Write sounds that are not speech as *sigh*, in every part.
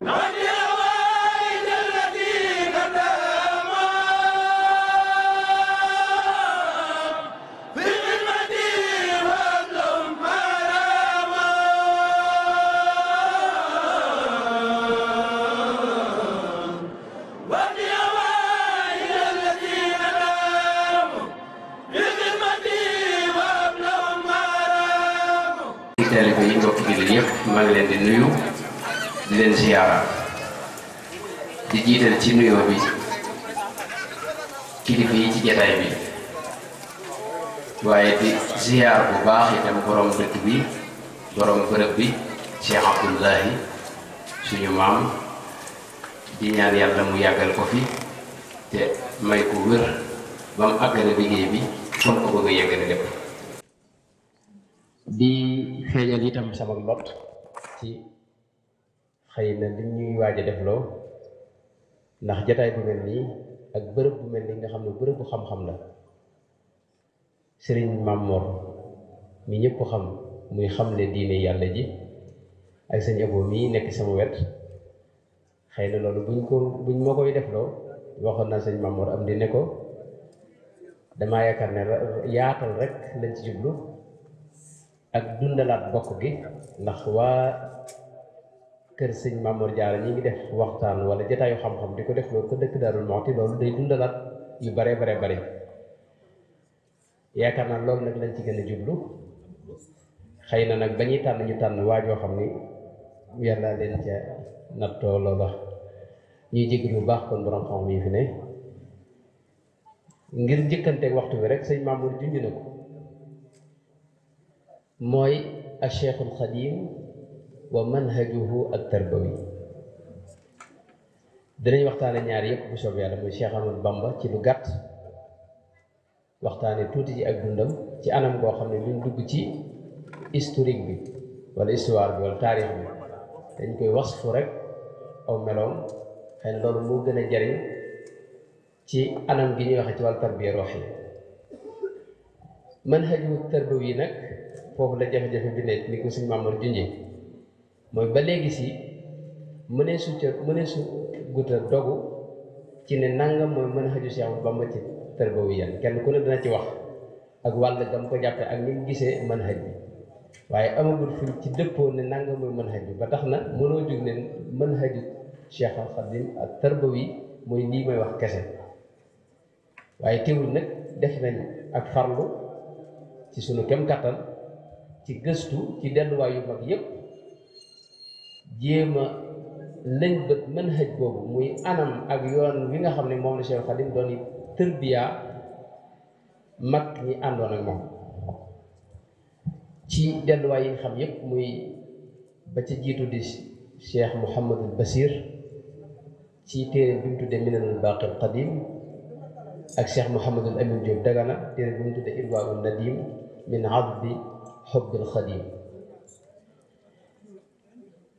Nine dëkk bi borom bërëb bi Cheikh Abdullahi suñu maam di ñaan yàlla mu yàggal ko fi te may ko wér ba mu àggale liggéey ko di feeñal itam sama lot ci xëy li ñuy waaj a defloo ndax jataay bu ak bu nga xam-xam la Mor mi ñëpp xam muy xam xamle diine yàlla ji ak sëñ Abo mii nekk sama wet xëy na loolu buñ ko buñ ma koy defloo waxoon naa sëñ Mamour am di ne ko damaa yaakaar ne rek lañ ci jublu ak dundalaat gi ndax waa kër sëñ Mamour Diarra ñi def waxtaan wala jataayu xam-xam di ko def ko dëkk Darou Mouhty loolu day dundalaat yu bare bare bare yaakaar naa loolu nag lañ ci gën a jublu xëy na nag dañuy tànn ñu tànn waajoo xam ni yàlla leen ca nattoo loola ñuy jégg bu baax kon borom xam yi fi ne ngir njëkkanteeg waxtu wi rek sëñ Mamour junj na ko mooy a cheikhul xadim wa manhajuhu ak tarbawi dinañ waxtaane ñaar yëpp bu soob yàlla muy Cheikh Ahmadou ci lu gàtt waxtaane tuuti ci ak dundam ci anam goo xam ne luñ dugg ci historique bi wala histoire bi wala tarikh bi dañ koy wax fu rek aw melom xëy na loolu moo a jariñ ci anam gi ñuy waxe ci wàllu tarbiya rox yi man xaju tarbawi yi nag foofu la jafe-jafe bi nekk ni ko suñ Mamour junjee mooy ba léegi si mënee su ca mënee su guta dogu ci ne nangam mooy mën xaju ba ma ci tarbawi yan kenn ku ne dana ci wax ak wàll gam ko jàppe ak ni gisee man xaj bi waaye amagul fuñ ci dëppoo ne nanga muy mën xaju ba tax na mënoo jóg ne mën xaju Cheikh Al Khadim ak tarbawi mooy lii may wax kese waaye teewul nag def nañ ak farlu ci sunu kem kàttan ci gëstu ci delluwaay yu mag yépp jéem a lañ mën xaj boobu muy anam ak yoon wi nga xam ne moom la Cheikh Al Khadim doon tërbiyaa mag ñi àndoon ak moom ci delluwaay yi nga xam yépp muy ba ci jiitu di cheikh Mouhamadul Basir ci téere bi de tuddee Minanul Baaqil Qadim ak cheikh Mouhamadul Amin Diop Dagana téere bi mu tuddee Irwaa'un Nadim min adbi xubbil Xadim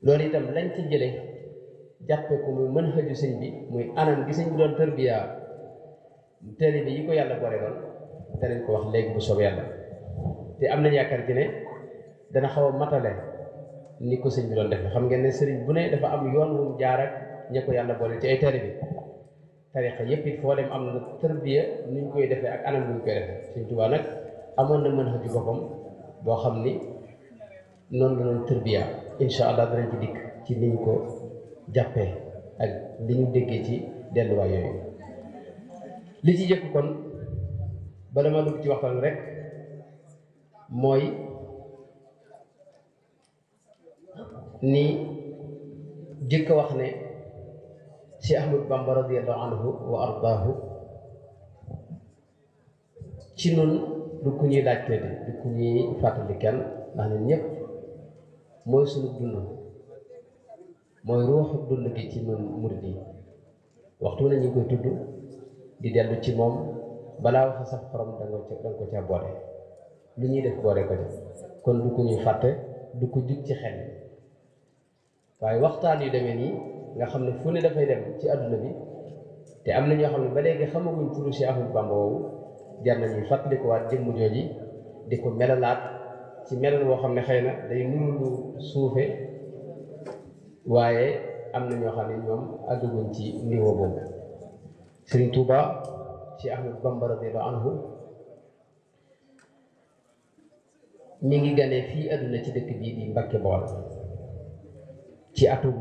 loolu itam lañ ci jële jàppe ko muy mën xëju sëñ bi muy anam gi sëñ bi téere bi yi ko yàlla boole doon danañ ko wax léegi bu soobee yàlla te am na yaakaar ci ne dana xaw a matale ni ko sëñ bi doon defee xam ngeen ne sëriñ bu ne dafa am yoon wu mu jaar ak ña yàlla boole ci ay tari bi tarixa yëpp it foo dem am na tërbiya nuñ koy defee ak anam nuñ koy defee sëñ Tuubaa nag amoon na mën a ci boo xam ni noonu la doon tërbiya incha allah danañ ci dikk ci niñ ko jàppee ak li ñu déggee ci delluwaay yooyu li ci jëkk kon bala ma dugg ci waxtaan rek. mooy ni jëkk wax ne si Ahmad Bamba radiyallahu anhu wa ardaahu ci nun du ku ñuy laajte di du ku ñuy fàttali kenn ndax ñun ñëpp mooy suñu dund mooy ruuxu dund gi ci nun murid yi waxtu na koy tudd di dellu ci moom balaa wax sax xorom danga ko ca danga lu ñuy def boole ko def kon du ko ñuy fàtte du ko jug ci xel waaye waxtaan yu demee nii nga xam ne fu ne dafay dem ci adduna bi te am na ñoo xam ne ba léegi xamaguñ turu si Ahmadu Bamba woowu jar na ñuy fàttalikuwaat jëmm jooji di ko melalaat ci melal woo xam ne xëy na day nuru suufe waaye am na ñoo xam ne ñoom àggaguñ ci niveau boobu Sëriñ Tuuba si Ahmadu Bamba radiyallahu anhu mi ngi ganee fi aduna ci dëkk bi di Mbàkke bool ci atum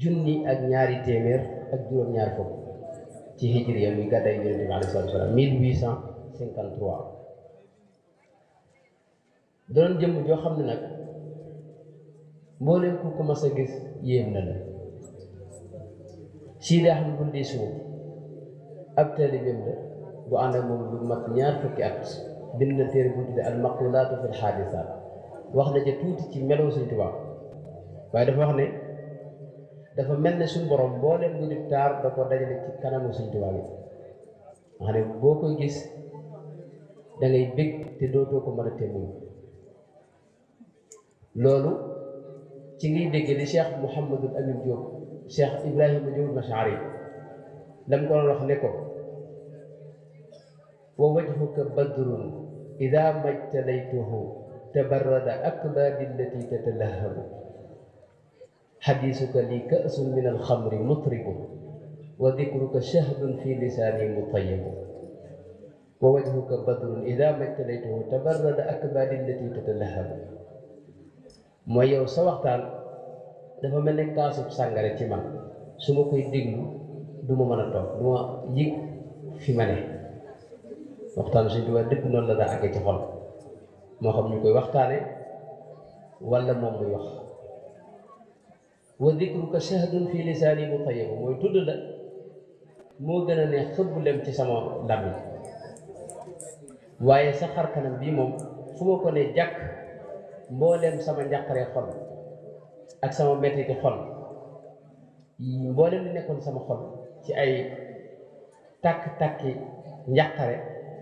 junni ak ñaari téeméer ak juróom-ñaar fukk ci hijriya mi gaday Yonent bi alayhi salaatu wa salaam 1853 doon jëm joo xam ne nag mbooleem ku ko mas a gis yéem na la xam Sidi Ahmed Bundisu ab taalibeem la bu ànd ak moom lu mat ñaar fukki at bind na téere bu tudd al fil xaadisaat wax na ca tuuti ci melow Sëñ Tuubaa waaye dafa wax ne dafa mel ne suñu borom boo leen bu taar da ko dajale ci kanamu Sëñ bi nga ne boo koy gis dangay ngay bég te dootoo ko mën a téemuñ loolu ci ngay dégg li Cheikh Mouhamadul Amin Diop Cheikh Ibrahima Diop Machaari lam ko wax ne ko wa wajhuka badrun إذا ما اجتليته تبرد أكبادي التي تتلهب حديثك لي كأس من الخمر مطرب وذكرك شهد في لساني مطيب ووجهك بدر إذا ما ابتليته تبرد أكبادي التي تتلهب مويو yow sa waxtaan dafa mel ne kaasub sàngare ci man su ma koy déglu du waxtaan suñ tubaab lépp noonu la daa àggee ci xol moo xam ñu koy waxtaane wala moom muy wax wa ka shahdun fi lisaani mu mutayyibu mooy tudd la moo gën a ne xëbb lem ci sama làmmiñ waaye sa xar kanam bii moom fu ma ko ne jàkk mboolem sama njàqare xol ak sama mettiti xol mboolem li nekkoon sama xol ci ay tàkk-tàkki njàqare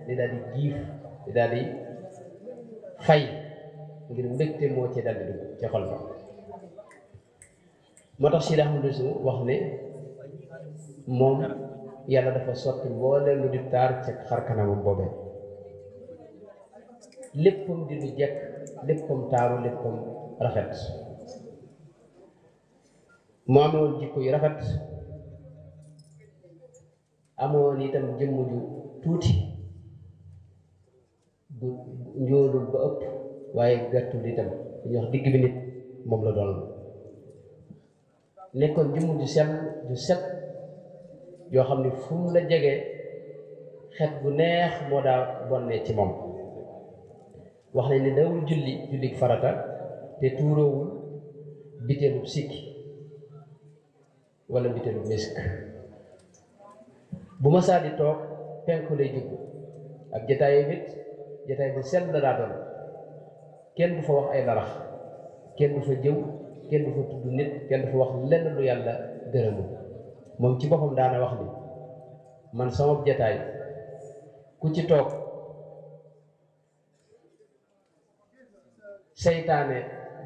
di daal giif di daal fay ngir mbégte moo ci daal di dugg ci xol ba moo tax Sidi Ahmadu wax ne moom yàlla dafa sotti mbooleem lu di taar ci xar kanamam boobee léppam di lu jekk léppam taaru léppam rafet mu amoon jikko yu rafet amoon itam jëmm ju tuuti njoolu ba ëpp waaye gàttul itam dañuy wax digg bi nit moom la doon nekkoon jëmm ju sell ju set yoo xam ne fu mu la jegee xet bu neex moo daa bonnee ci moom wax nañ ne dawul julli julli farata te tuuroowul biteelu sikki wala biteelu misk bu ma saa di toog penku lay jubbu ak jataay bit jataay bu sell laa doon kenn du fa wax ay darax kenn du fa jëw kenn du fa tudd nit kenn du fa wax lenn lu yàlla gërëmul moom ci boppam daana wax ni man sama jataay ku ci toog seytaane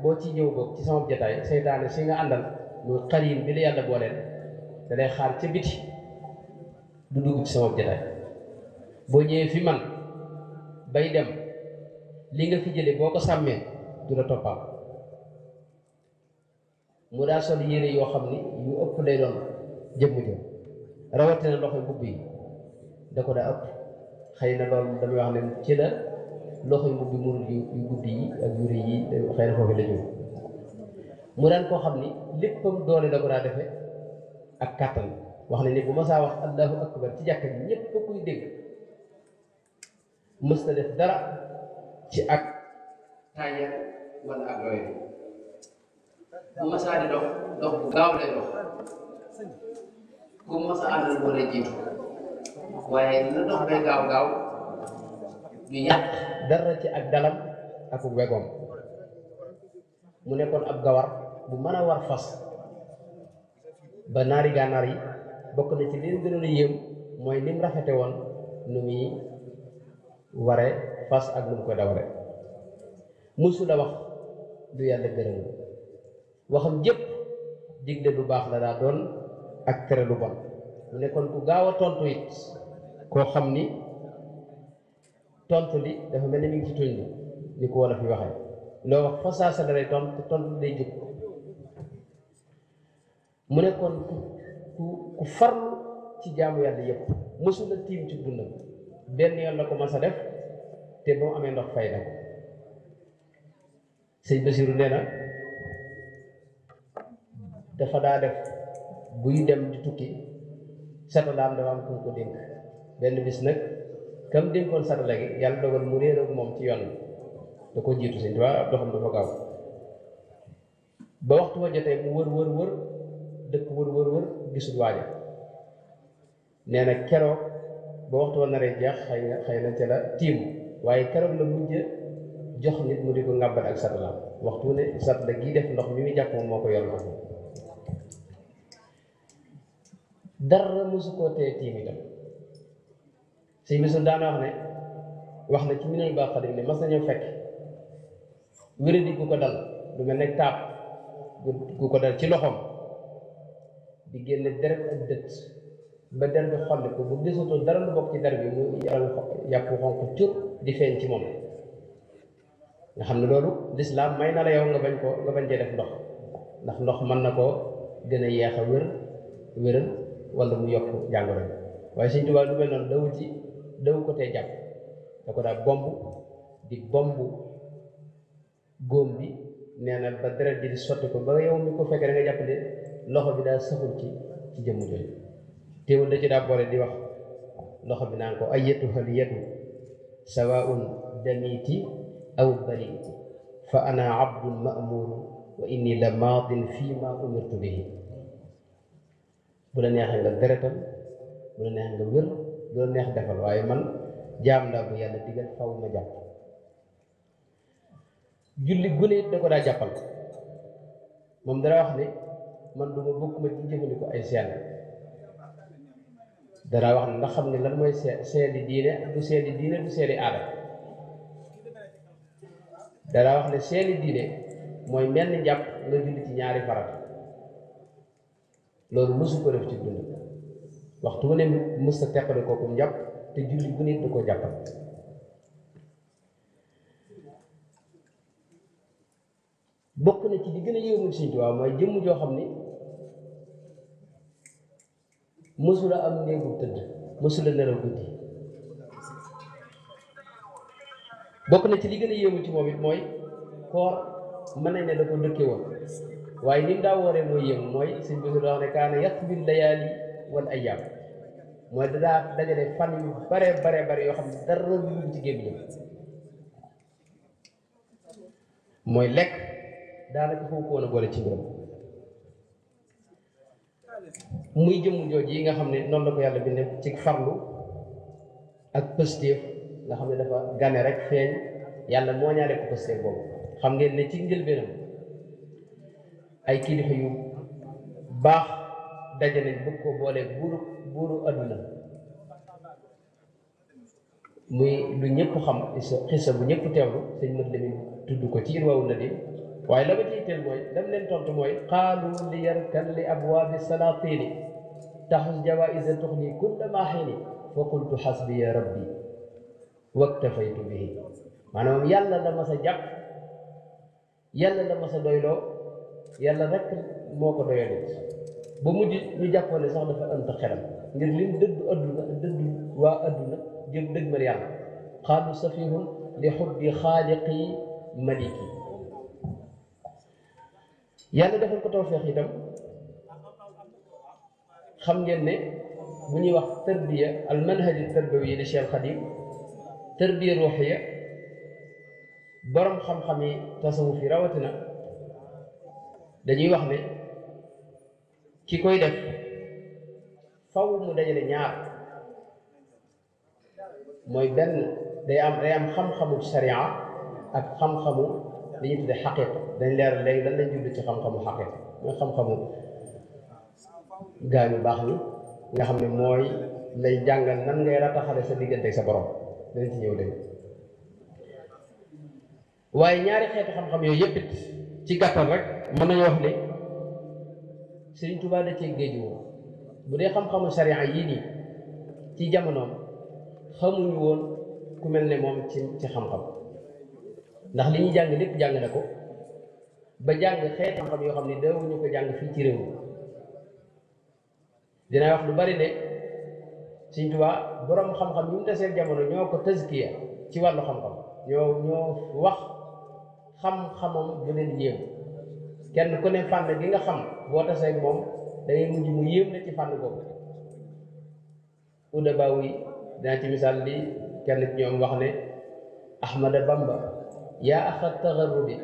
boo ci ñëw boog ci sama jataay seytaane si nga àndal muy xarin bi la yàlla booleel da lay xaar ca biti du dugg ci sama jataay boo ñëwee fi man bay dem li nga fi jële boo ko sàmmee du la toppaat mu daa sol yére yoo xam ni yu ëpp lay doon jëmm jëm rawatina loxo mbubb yi da ko da ëpp xëy na loolu damay wax ne ci la loxo mbubb yi mënul yu guddi yi ak yu rëy yi xëy na foofu la ñëw mu daan koo xam ni léppam doole da ko daa defe ak kàttan wax ne ni bu ma saa wax allahu akbar ci jàkka ji ñëpp kuy dégg mës na def dara ci ak tàññal wala ak dalam ak wegoom mu nekkoon ab gawar bu mën a war fas ba naari gànnaar yi bokk na ci li gënoon a yéem mooy lim rafete woon nu ware fas ak lu mu ko dawre musula wax du yàlla gërëm waxam jëpp digle lu baax la daa doon ak tere lu bon mu nekkoon ku gaaw a tontu it xam ni tontu li dafa mel ni mi ngi ni ko wolof yi waxee loo nekkoon ku farlu ci jaamu yàlla yëpp mosul la tiim ci dundam ben yoon la ko mas a def te boo amee ndox fay na ko sëñ Basiru nee na dafa daa def buy dem di tukki satalaam dafa am ku ko dénk benn bis nag kam dénkoon satala gi yàlla dogal mu réer ak moom ci yoon da ko jiitu sëñ Tuubaa ab doxam dafa gaaw ba waxtu wa jotee mu wër wër wër dëkk wër wër wër gisul waaja nee na keroog bo waxtu woon naree jeex xëy na xëy na ca la tiimu waaye keroog la mujj jox nit mu di ko ngàbbal ak satalaam waxtu ne sat la gii def ndox mi muy jàpp moom moo ko yor ndox dara mosu koo tee tiim itam sëñ bi su daana wax ne wax na ci minal baa xadim ne mas nañu fekk di gu ko dal lu mel ne taab gu ko dal ci loxoom di génne deret ak dëtt ba der bi xoll ko bu gisatul dara lu bokk ci der bi mu yaram yàpp ko cur di feeñ ci moom nga xam ne loolu lislaam may na la yow nga bañ ko nga bañ cee def ndox ndax ndox mën na koo gën a yeex a wér wéral wala mu yokk jàngoro bi waaye suñ tubaab lu mel noonu daw ci dawu ko tee jàpp da ko daa bomb di bomb góom bi nee na ba deret ji di sotti ko ba yow mi ko fekkee da nga jàpp ne loxo bi daa saxul ci ci jëmm jooju teewul da ci daa di wax loxo bi naan ko hal yadu sawaun damiti aw bariti fa ana abdun ma'mur wa inni la maadin fii ma umirtu bihi bu la neexee nga deretal bu la neexee nga wér bu la neex defal waaye man jaam laa bu yàlla digal faw ma jàpp julli gune it da ko daa jàppal moom dara wax ne man duma ci ay seen danaa wax ne nga xam ne lan mooy seedi diine du seedi diine du seedi aada danaa wax ne seedi diine mooy menn njàpp nga julli ci ñaari farata loolu mësu ko def ci dund waxtu wu ne mës a teqale kooku njàpp te julli bu nit du ko jàppal bokk na ci di gën a yéemul Sëñ Tuubaa mooy jëmm joo xam ni mësula am néegu tëdd mosula nelaw guddi bokk na ci li gën a yéemu ci moom it mooy koor mën nañ ne da ko dëkke woon waaye ni mu daa wooree mooy yéemu mooy sëñ bi su wax ne kaana yàq bir layaali wal ayyaam mooy dadaa dajale fan yu bare bare bare yoo xam ne dara dugg ci gémmiñam mooy lekk daanaka foofu ko a boole ci mbiram muy jëmm jooju yi nga xam ne noonu la ko yàlla bindee ci farlu ak pëstéef nga xam ne dafa gane rek feeñ yàlla moo ñaale ko pëstéef boobu xam ngeen ne ci njëlbeenam ay kilifa yu baax daje nañ bëgg ko boole buuru buuru adduna muy lu ñëpp xam xisa ñépp ñëpp teewlu sëñ mët lamin tudd ko ci irwaawu na di waaye la ma jiiteel mooy dam leen tontu mooy qaalu li yarkan li abwaabi salaatini taxus jawaisa tuxni kulla maaxini fa qultu xasbiya rabbi waktafaytu bihi maanaam yàlla la mas a jàpp yàlla la mas a doyloo yàlla rek moo ko doyalee ba mujj ñu jàppoon ne sax dafa ënt xelam ngir lim dëddu adduna dëddu waa adduna jëm dëgmal yàlla qaalu safihun li xubbi xaaliqi maliki يالا دافن كو توفيق يتام خم نين ني بني وقت تربية المنهج التربوي لشيخ الخديم تربية روحية برم خم خمي تصوف في روتنا دني وقت كي كوي دف فاو مو دجل نيار موي بن دي ام ريام خم خمو الشريعة اك خم خمو li ñuy tuddee xaqiqa dañ leer léegi lan lañ jublu ci xam-xamu xaqiqa mooy xam-xamu gaa baax ñi nga xam ne mooy lay jàngal nan ngay rataxale sa diggante sa borom dañ ci ñëw léegi waaye ñaari xeeti xam-xam yooyu yëpp ci gàttal rek mën nañu wax ne Sëriñ Tuubaa da cee géej woon bu dee xam-xamu sariya yii nii ci jamonoom xamuñu woon ku mel ni moom ci ci xam-xam ndax li ñuy jàng lépp jàng na ko ba jàng xeet xam-xam yoo xam ne daawuñu ko jàng fii ci réew mi dina wax lu bari de Sëriñ boroom borom xam-xam yu mu tasee jamono ñoo ko tazkiya ci wàllu xam-xam ñoo ñoo wax xam-xamam bu leen yéem kenn ku ne fànn gi nga xam boo tasee moom dangay mujj mu yéem la ci fànn boobu udabaaw yi dina ci misaal li kenn ci ñoom wax ne Ahmada Bamba يا أخ التغرب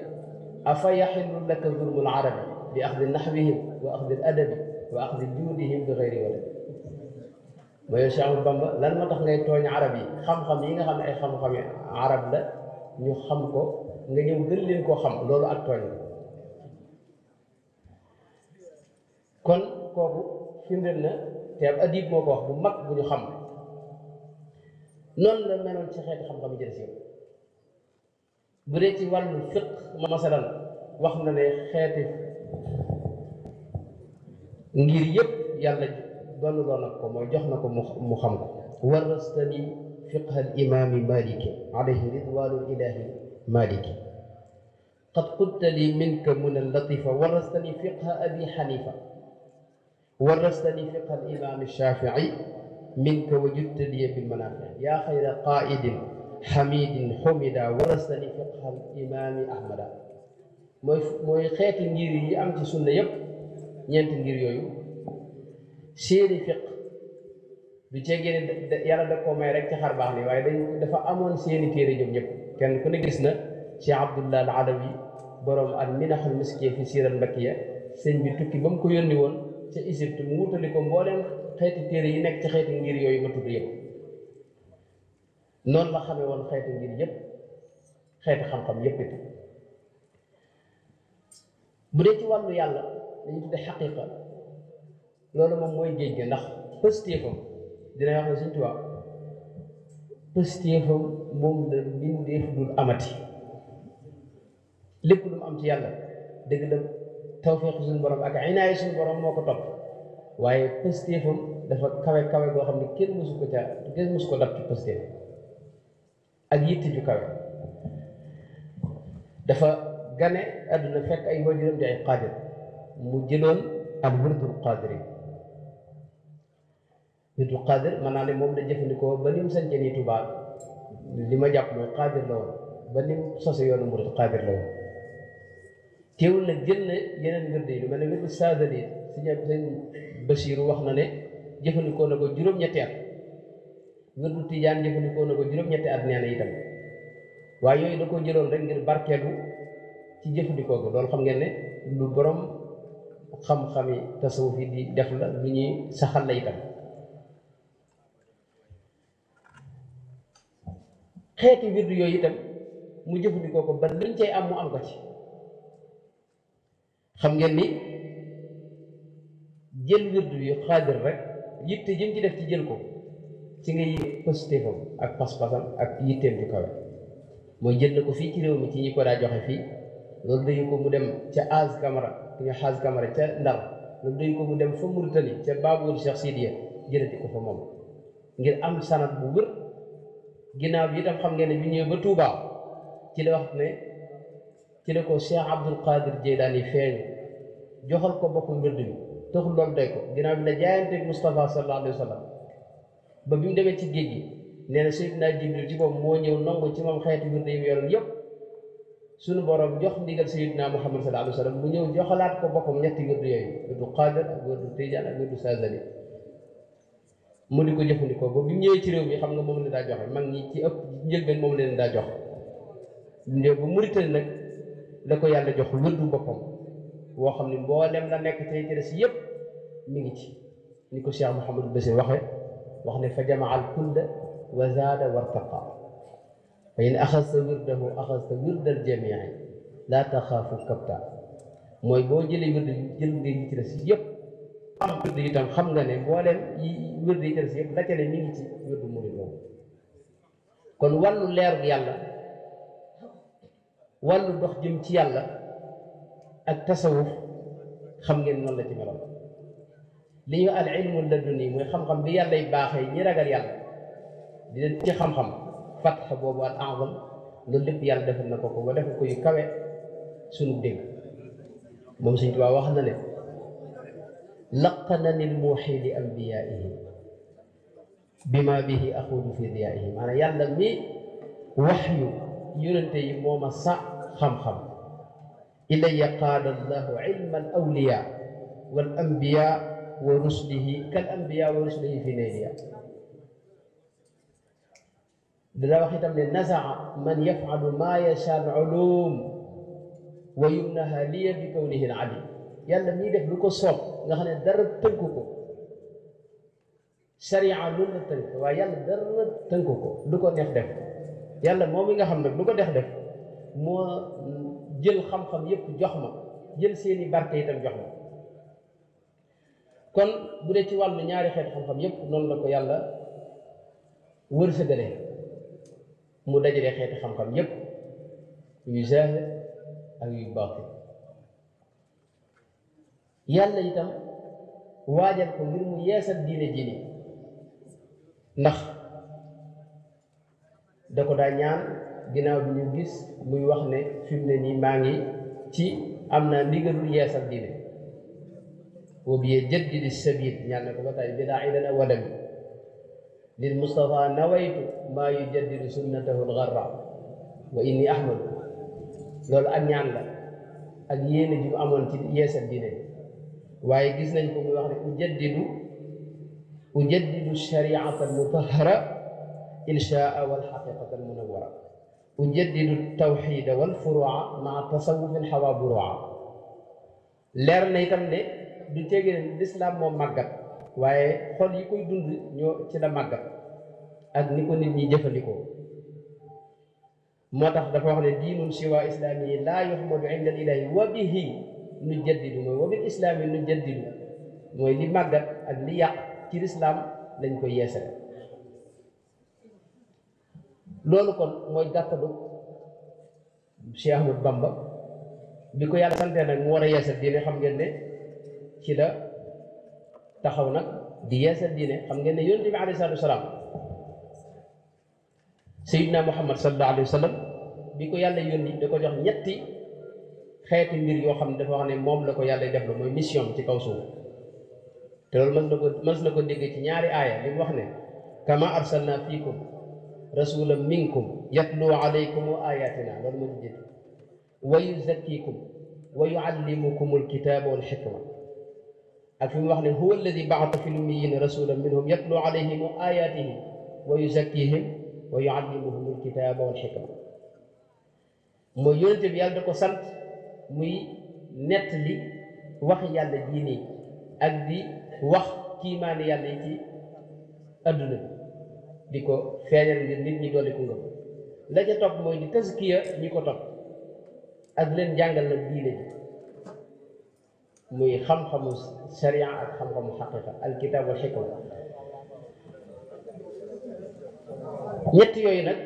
أفيحل لك ظلم العرب بأخذ نحوهم وأخذ الأدب وأخذ جودهم بغير ولد mooy Cheikh Bamba lan moo tax ngay tooñ arab yi xam-xam yi nga xam ne ay xam-xami arab la ñu xam ko nga ñëw gën leen koo xam loolu ak tooñ la kon kooku firndeel na te ab adib moo ko wax bu mag bu ñu xam noonu la meloon ci xeeti xam-xam yi jël si bu dee ci wàllu fiq masalan wax na ne xeeti ngir yëpp yàlla doon doon na ko mooy jox na ko mu xam ko warastani fiqha al imami maliki alayhi ridwanu ilahi maliki qad qulta li minka mun al latifa warastani fiqha abi xanifa warastani fiqha al imam الشافعي منك وجدت لي بالمنافع يا خير قائد xamidin xomida warasani fiqhal imaami ahmada mooy mooy xeeti ngir yi am ci sunna yépp ñeenti ngir yooyu seeni fiq du ceegéene yàlla da koo may rek ci xar baax ni waaye dañ dafa amoon seeni téere ñoom ñëpp kenn ku ne gis na cheikh abdullah al alawi boroom al minaxul miskiya fi siiral mbakkiya sëñ bi tukki ba mu ko yónni woon ca Égypte mu wutali ko mbooleem xeeti téere yi nekk ci xeeti ngir yooyu ma tudd yëpp non la xamé won xéetu ngir yépp xéetu xam-xam yépp it bu dee ci walu yàlla dañu tuddee xaqiqa loolu moom mooy géej gi ndax pëstéefam dina wax ne suñ tubaab pëstéefam moom la mbindeef dul amati lépp lu mu am ci yàlla dëgg la tawfiq suñu borom ak inaay suñu borom moo ko topp waaye pëstéefam dafa kawe kawe goo xam ne kenn mësu ko ca kenn mësu ko dab ci pëstéefam ak yitte ju dafa gane àdduna fekk ay waajuram di ay qaadir mu jëloon am wirdul qaadir yi wirdul qaadir mën naa ne moom la jëfandikoo ba ni mu sañce nii Tuubaa li ma jàpp mooy qaadir la woon ba ni mu sose yoonu murid qaadir la woon teewul nag jël na yeneen wird yi lu mel ne wirdu saadali sëñ Basiiru wax na ne jëfandikoo na ko juróom-ñetti at wirdu tijaan jëfandikoo na ko juróom-ñetti aduna nee itam waaye yooyu da ko jëloon rek ngir barkeelu ci jëfandikoo ko loolu xam ngeen ne lu borom xam-xami tasawuf yi di def la lu ñuy saxal la itam xeeti wirdu yooyu itam mu jëfandikoo ko ba luñ cay am mu am ko ci xam ngeen ni jël wirdu yu xaadir rek yitte jëm ci def ci jël ko ci ngay yëg ak pas-pasam ak yitteem ju kawe mooy jël na ko fii ci réew mi ci ñi ko daa joxe fii loolu dañu ko mu dem ca Az Camara ki nga xaas Camara ca Ndar loolu dañu ko mu dem fa Murtani ca Babour Cheikh Sidiya jëlati ko fa moom ngir am sanat bu wër ginnaaw bi itam xam ngeen ne bi ñëwee ba Touba ci la wax ne ci la ko Cheikh Abdul Qadir Jeylaani feeñ joxal ko bokk mbir mi taxul loolu doy ko ginnaaw bi la jaayanteeg Moustapha sallallahu alayhi wa ba bi mu demee ci géej gi nee na Seydina Jibril ci boppam moo ñëw nangu ci moom xeetu wirde yi mu yoroon yëpp suñu borom jox ndigal Seydina Muhammad sallallahu alayhi wa sallam mu ñëw joxalaat ko boppam ñetti wirdu yooyu wirdu Qaadir ak wirdu Tijaan ak wirdu Saadili mu di ko jëfandikoo ba bi mu ñëwee ci réew mi xam nga moom la daa joxe mag ñi ci ëpp njëlbeen moom leen daa jox ndéw bu Mauritanie nag la ko yàlla jox wirdu boppam woo xam ne mboolem la nekk tey ci yëpp mi ngi ci ni ko Cheikh Mouhamadou Bassir waxe وحن فجمع الكل وزاد وارتقى فإن أخذت ورده أخذت ورد الجميع لا تخاف كبتا موي بو جيلي ورد جيل نغي تي رس ييب ام ورد يتام خمغا ني بولم ورد يتي رس ييب لا والو لير يالا والو دوخ جيم تي يالا اك تصوف خمغين li ñu al ilmu laduni mooy xam-xam bi yàlla lay baaxee ñi ragal yàlla di leen ci xam-xam fatx boobu al a'zam loolu lépp yàlla defal na ko ko ba defal ko yu kawe sunu dégg moom Sëñ Tuubaa wax na ne laqanani lmuuxi li anbiyaihi bima bihi aqulu fi diyaihi maanaam yàlla mi waxyu yonente yi moo ma sa xam-xam ilaya qaala allahu ilma al awliya wal anbiya ورسله كالأنبياء ورسله في نيلها دلوقتي وختم نزع من يفعل ما يشاء العلوم ويمنها لي بكونه العليم يلا مي ديف لوكو صوب nga xamne dara teunku ko sharia lu la teunk wa yalla dara teunku ko lu ko neex def yalla mom nga xam nak lu ko neex def mo jël xam xam yépp jox ma jël seeni barke itam jox ma kon bu dee ci wàllu ñaari xeet xam-xam yépp noonu la ko yàlla wërsëgale mu dajale xeeti xam-xam yépp yu zaahir ak yu baatin yàlla itam waajal ko ngir mu yeesal diine jini ndax da ko daa ñaan ginnaaw bi ñu gis muy wax ne fi mu ne nii maa ngi ci am naa ndigalul yeesal diine وبيجدد السبيل يعني كما البدع إذا أولا للمصطفى نويت ما يجدد سنته الغراء وإني أحمد loolu ak ñaan la ak yéene ji mu amoon ci yeesal diine waaye gis nañ ko muy wax ne ujaddidu ujaddidu shariata almutahara inshaa walxaqiqata almunawara ujaddidu tawxida walfurua maa tasawufin xawa burua leer na itam ne di tegee lislaam moom màggat waaye xol yi koy dund ñoo ci la màggat ak ni ko nit ñi jëfandikoo moo tax dafa wax ne diinun siwa islaami yi laa yuhmadu inda ilaahi islaami nu jaddidu mooy li màggat ak li yàq ci lislaam lañ koy yeesal loolu kon mooy gàttalu Cheikh Ahmadou Bamba bi ko yàlla santee nag mu war a yeesal diine xam ngeen ne ci la taxaw nag di yeesal diine xam ngeen ne yonent bi alayhi salaatu wasalaam sayidna muhammad sallallahu alayhi wa sallam bi ko yàlla yónni da ko jox ñetti xeeti mbir yoo xam ne dafa wax ne moom la ko yàlla def la mooy mission ci kaw suuf te loolu mës na ko mës na ko déggee ci ñaari aaya li mu wax ne kama arsalna fiikum rasulan minkum yatlu alaykum ayatina loolu moo ci jiitu wa yuzakkikum wa yuallimukum alkitaba walxikma أفهم وحن هو الذي بعث في الأميين رسولا منهم يتلو عليهم آياته ويزكيهم ويعلمهم الكتاب والحكمة مو يونت بيال دكو سنت مي نتلي وخ يال ديني أدي وخ كيمان يال ديكي أدنى ديكو فعلا دي نيت ني دولي كونغو لجا توب مو دي تزكية ني كو توب أدلن جانغل ديني muy xam-xamu sharia ak xam-xamu xaqiqa alkitab wal xikma ñett yooyu nag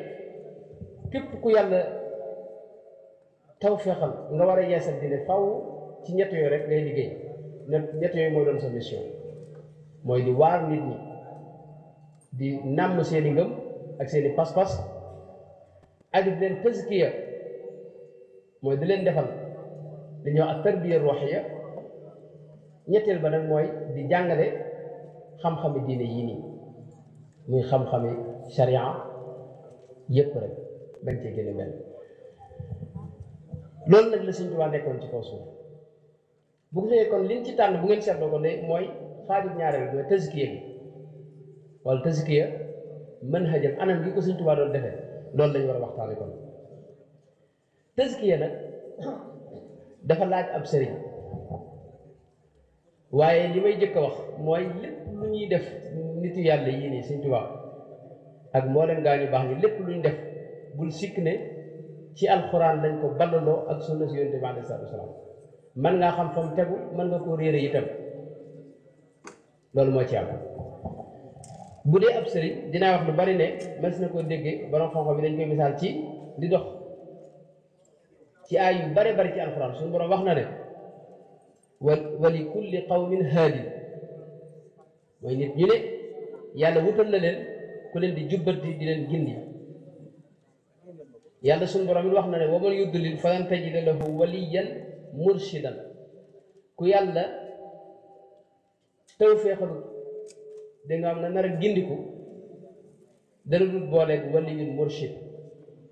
képp ku yàlla tawféexal nga war a yeesal dine faw ci ñett yooyu rek ngay liggéey ñett yooyu mooy doon sa mission mooy di waar nit ñi di nàmm seeni ngëm ak seeni pas-pas ak di leen tëskiya mooy di leen defal li ñuy wax ak tarbiya ruuxiya ñetteel ba nag mooy di jàngale xam-xami diine yii nii muy xam-xami sharia yëpp rek dañ cee gën a mel loolu nag la Sëñ nekkoon ci kaw suuf bu ko kon liñ ci tànn bu ngeen seetloo ko de mooy xaajub ñaareel bi mooy tazkiya bi wala tazkiya manhajam anam gi ko Sëñ doon defee loolu lañu war a waxtaane kon tazkiya nag dafa laaj ab sëriñ waaye li may jëkk a wax mooy lépp lu ñuy def nitu yàlla yii nii Sëñ Tuubaa ak moo leen gaa ñu baax ni lépp lu ñu def bul sikk ne ci alxuraan lañ ko ballandoo ak sunna si yonent bi alayhi salaatu wasalaam mën ngaa xam fa tegu mën nga koo réere itam loolu moo ci am bu dee ab sëriñ dinaa wax lu bari ne mën si na koo déggee borom xam-xam bi dañ koy misaal ci di dox ci aay yu bare bari ci alxuraan suñu borom wax na ne ولكل قوم هادي وين يبني يالا وتر لين كل دي جبر دي دين جندي يالا سن برام الله نانا ومن يدلل فلن تجد له وليا مرشدا كو يالا توفيق لك دين عمنا نار جندي كو دلو بولك ولي مرشد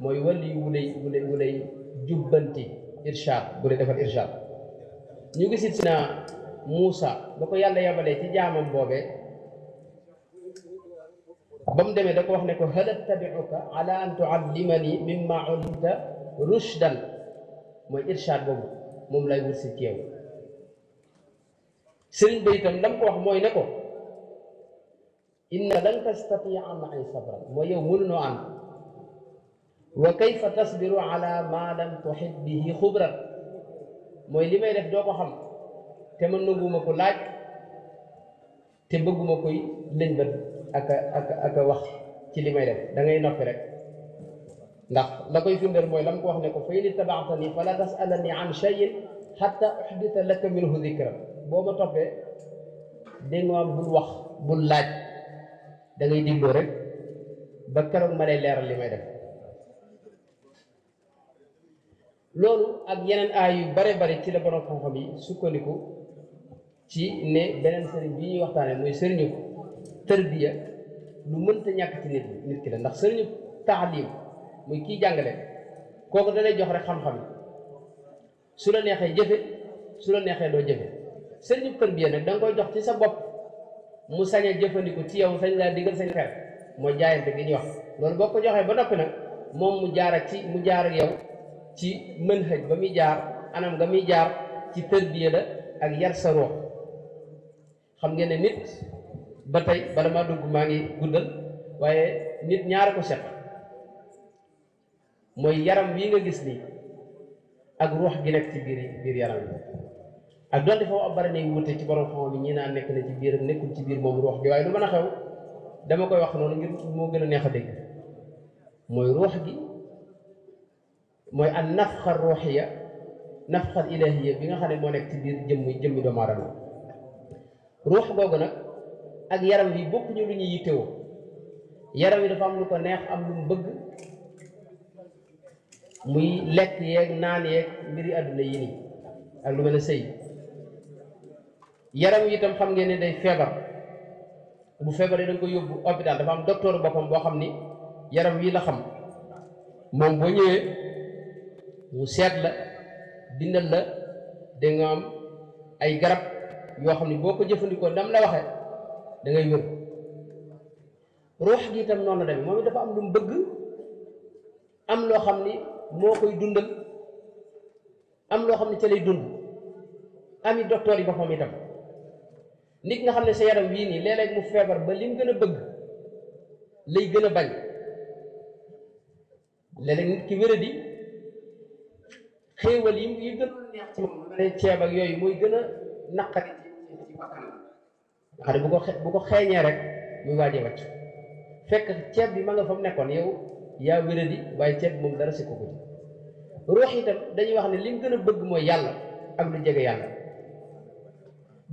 موي ولي ولي ولي ولي جبنتي إرشاد بولي دفع إرشاد ñu gisit si na Muusa ba ko yàlla yabalee ci jaamam boobee ba mu demee da ko wax ne ko hal attabiuka ala an tuallimani mimma ullimta rushdan mooy irshaad boobu moom lay wut si teew sëriñ ba itam lam ko wax mooy ne ko inna lan tastatia maay sabran mooy yow mënunoo ànd wa kayfa tasbiru ala ma lam tuhit bihi xubran mooy limay def doo ko te man nanguwuma ko laaj te bëgguma koy lëñbët ak ak ak wax ci li may def dangay ngay rek ndax la koy firndeel mooy lam ko wax ne ko fa in ittabaatani fala tasalani an cheyin xatta uxdita laka minhu dikra boo ma toppee dégg nga bul wax bul laaj dangay ngay dégloo rek ba keroog ma lay leeral li may def lolu ak yenen ay yu bare bare ci la borom xam-xam yi sukkandiku ci ne benen serigne bi ñuy waxtaane mooy sëriñu tërbiya lu mënta ñak ci nit nit ki la ndax serigne taalim moy ki jangale koku da lay jox rek xam-xam su la nexé jëfé su la nexé do jëfé serigne terbiya nak dang koy jox ci sa bop mu sañ jëfëndiku ci yow sañ la digal sañ xel mo jaayante gi ñuy wax lolu boo ko ba nopi nak mom mu jaar ak ci mu jaar ak yow ci manhaj ba mi jaar anam ga mi jaar ci terbiya la ak yar sa roh xam ngeen ne nit ba tey ba dama dugg maa ngi guddal waaye nit ñaar ko seq mooy yaram wi nga gis ni ak ruux gi nekk ci biir biir yaram bi ak donte foofu ab bari nañ wute ci borom xam bi ñi naa nekk na ci biir nekkul ci biir moom ruux gi waaye lu mën a xew dama koy wax noonu ngir moo gën a neex a dégg mooy ruux gi mooy an nafxa ruuxiya nafxa ilahiya bi nga xam ne moo nekk ci biir jëmmi jëmmi doomu aadama ruux googu nag ak yaram yi bokkuñu lu ñuy yittewoo yaram yi dafa am lu ko neex am lu mu lekk yeeg naan yeeg mbiri àdduna yi nii ak lu yaram wi itam xam ngeen ne day bu feebaree da nga ko yóbbu hôpital dafa am docteur boppam boo xam ni yaram wii la xam moom boo ñëwee mu seet la dindal la da nga am ay garab yoo xam ne boo ko jëfandikoo dam la waxee da ngay ruux gi itam noonu la demee moom dafa am lu mu bëgg am loo xam ni moo koy dundal am loo xam ne ca lay dund ami docteur yi boppam itam nit nga xam ne sa yaram wii nii léeg mu feebar ba lim gën a bëgg lay gën a bañ léeg nit ki wéradi xéewal yi yi gën neex ci moom lu ne ceeb ak yooyu muy gën a naqari ci bakkanam xare bu ko bu ko xeeñee rek muy waaje wàcc fekk ceeb bi ma nga fa mu nekkoon yow yaa wéradi waaye ceeb bi moom dara si ko ko ci ruux itam dañuy wax ne li mu gën a bëgg mooy yàlla ak lu jege yàlla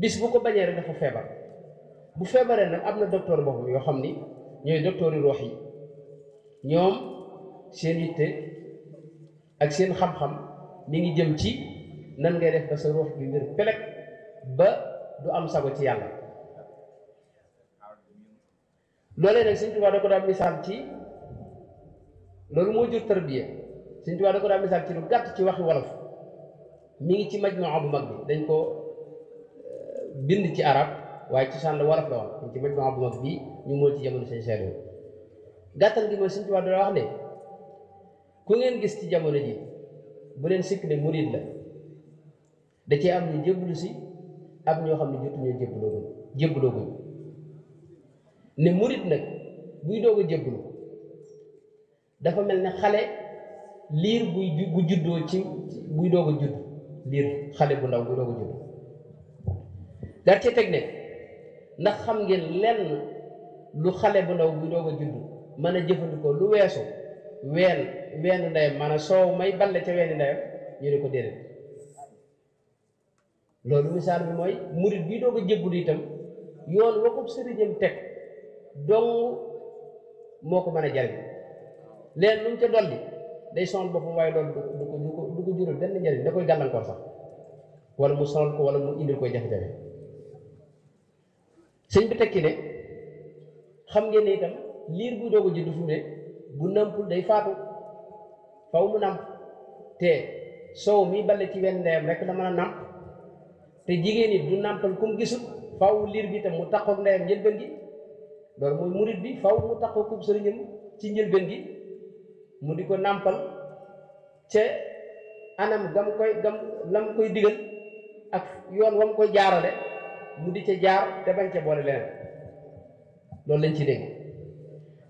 bis bu ko bañee rek dafa feebar bu feebaree nag am na docteur boppam yoo xam ni ñooy docteur yi ruux yi ñoom seen yitte ak seen xam-xam mi ngi jëm ci nan ngay def ba sa ruh bi ngir pelek ba du am sago ci yalla lolé nag sëñ Tuubaa da ko da misal ci lolou mo jur tarbiya sëñ Tuubaa da ko da misal ci lu gatt ci waxi wolof mi ngi ci majmu bu mag dañ ko eh, bind ci arab waye ci sànn wolof la woon ci majmu bu mag bi ñu mo ci jamono sëñ Saliou gàttal gi mo sëñ Tuubaa da wax ne ku ngeen gis ci jamono ji bu leen sikk ne murid la da cee am ñu jébbalu si am ñoo xam ne jotuñoo jébbaloo jébbaloo guñ ne murid nag buy doog a jébbalu dafa mel ne xale liir buy bu juddoo ci buy doog a judd liir xale bu ndaw buy doog a judd daal teg ne ndax xam ngeen lenn lu xale bu ndaw buy doog a judd mën a jëfandikoo lu weesu ween weenu ndeyam maanaam soow may balle ca weeni ndeyam ñu ne ko déedéet loolu misaal bi mooy murit bii doog a jébbul itam yoon wa ko sëriñam teg dong moo ko mën a jariñ leen lu mu ca dolli day sonal boppam waaye loolu du ko du ko jural benn njariñ da koy gàllankoor sax wala mu sonal ko wala mu indil koy jafe-jafe sëñ bi tekki ne xam ngeen ne itam liir buy doog a juddu fu mu bu nampul day faatu faw mu namp te soow mi balle ci wenn ndeyam rek la mën a namp te jigéen it du kum gisul faw liir bi tam mu takkoog ndeyam njëlbeen gi loolu mooy bi faw mu ci njëlbeen gi di ko nàmpal ca anam gam koy gam lam koy digal ak yoon wam koy jaarale mu di ca jaar te bañ ca boole leneen loolu lañ ci dégg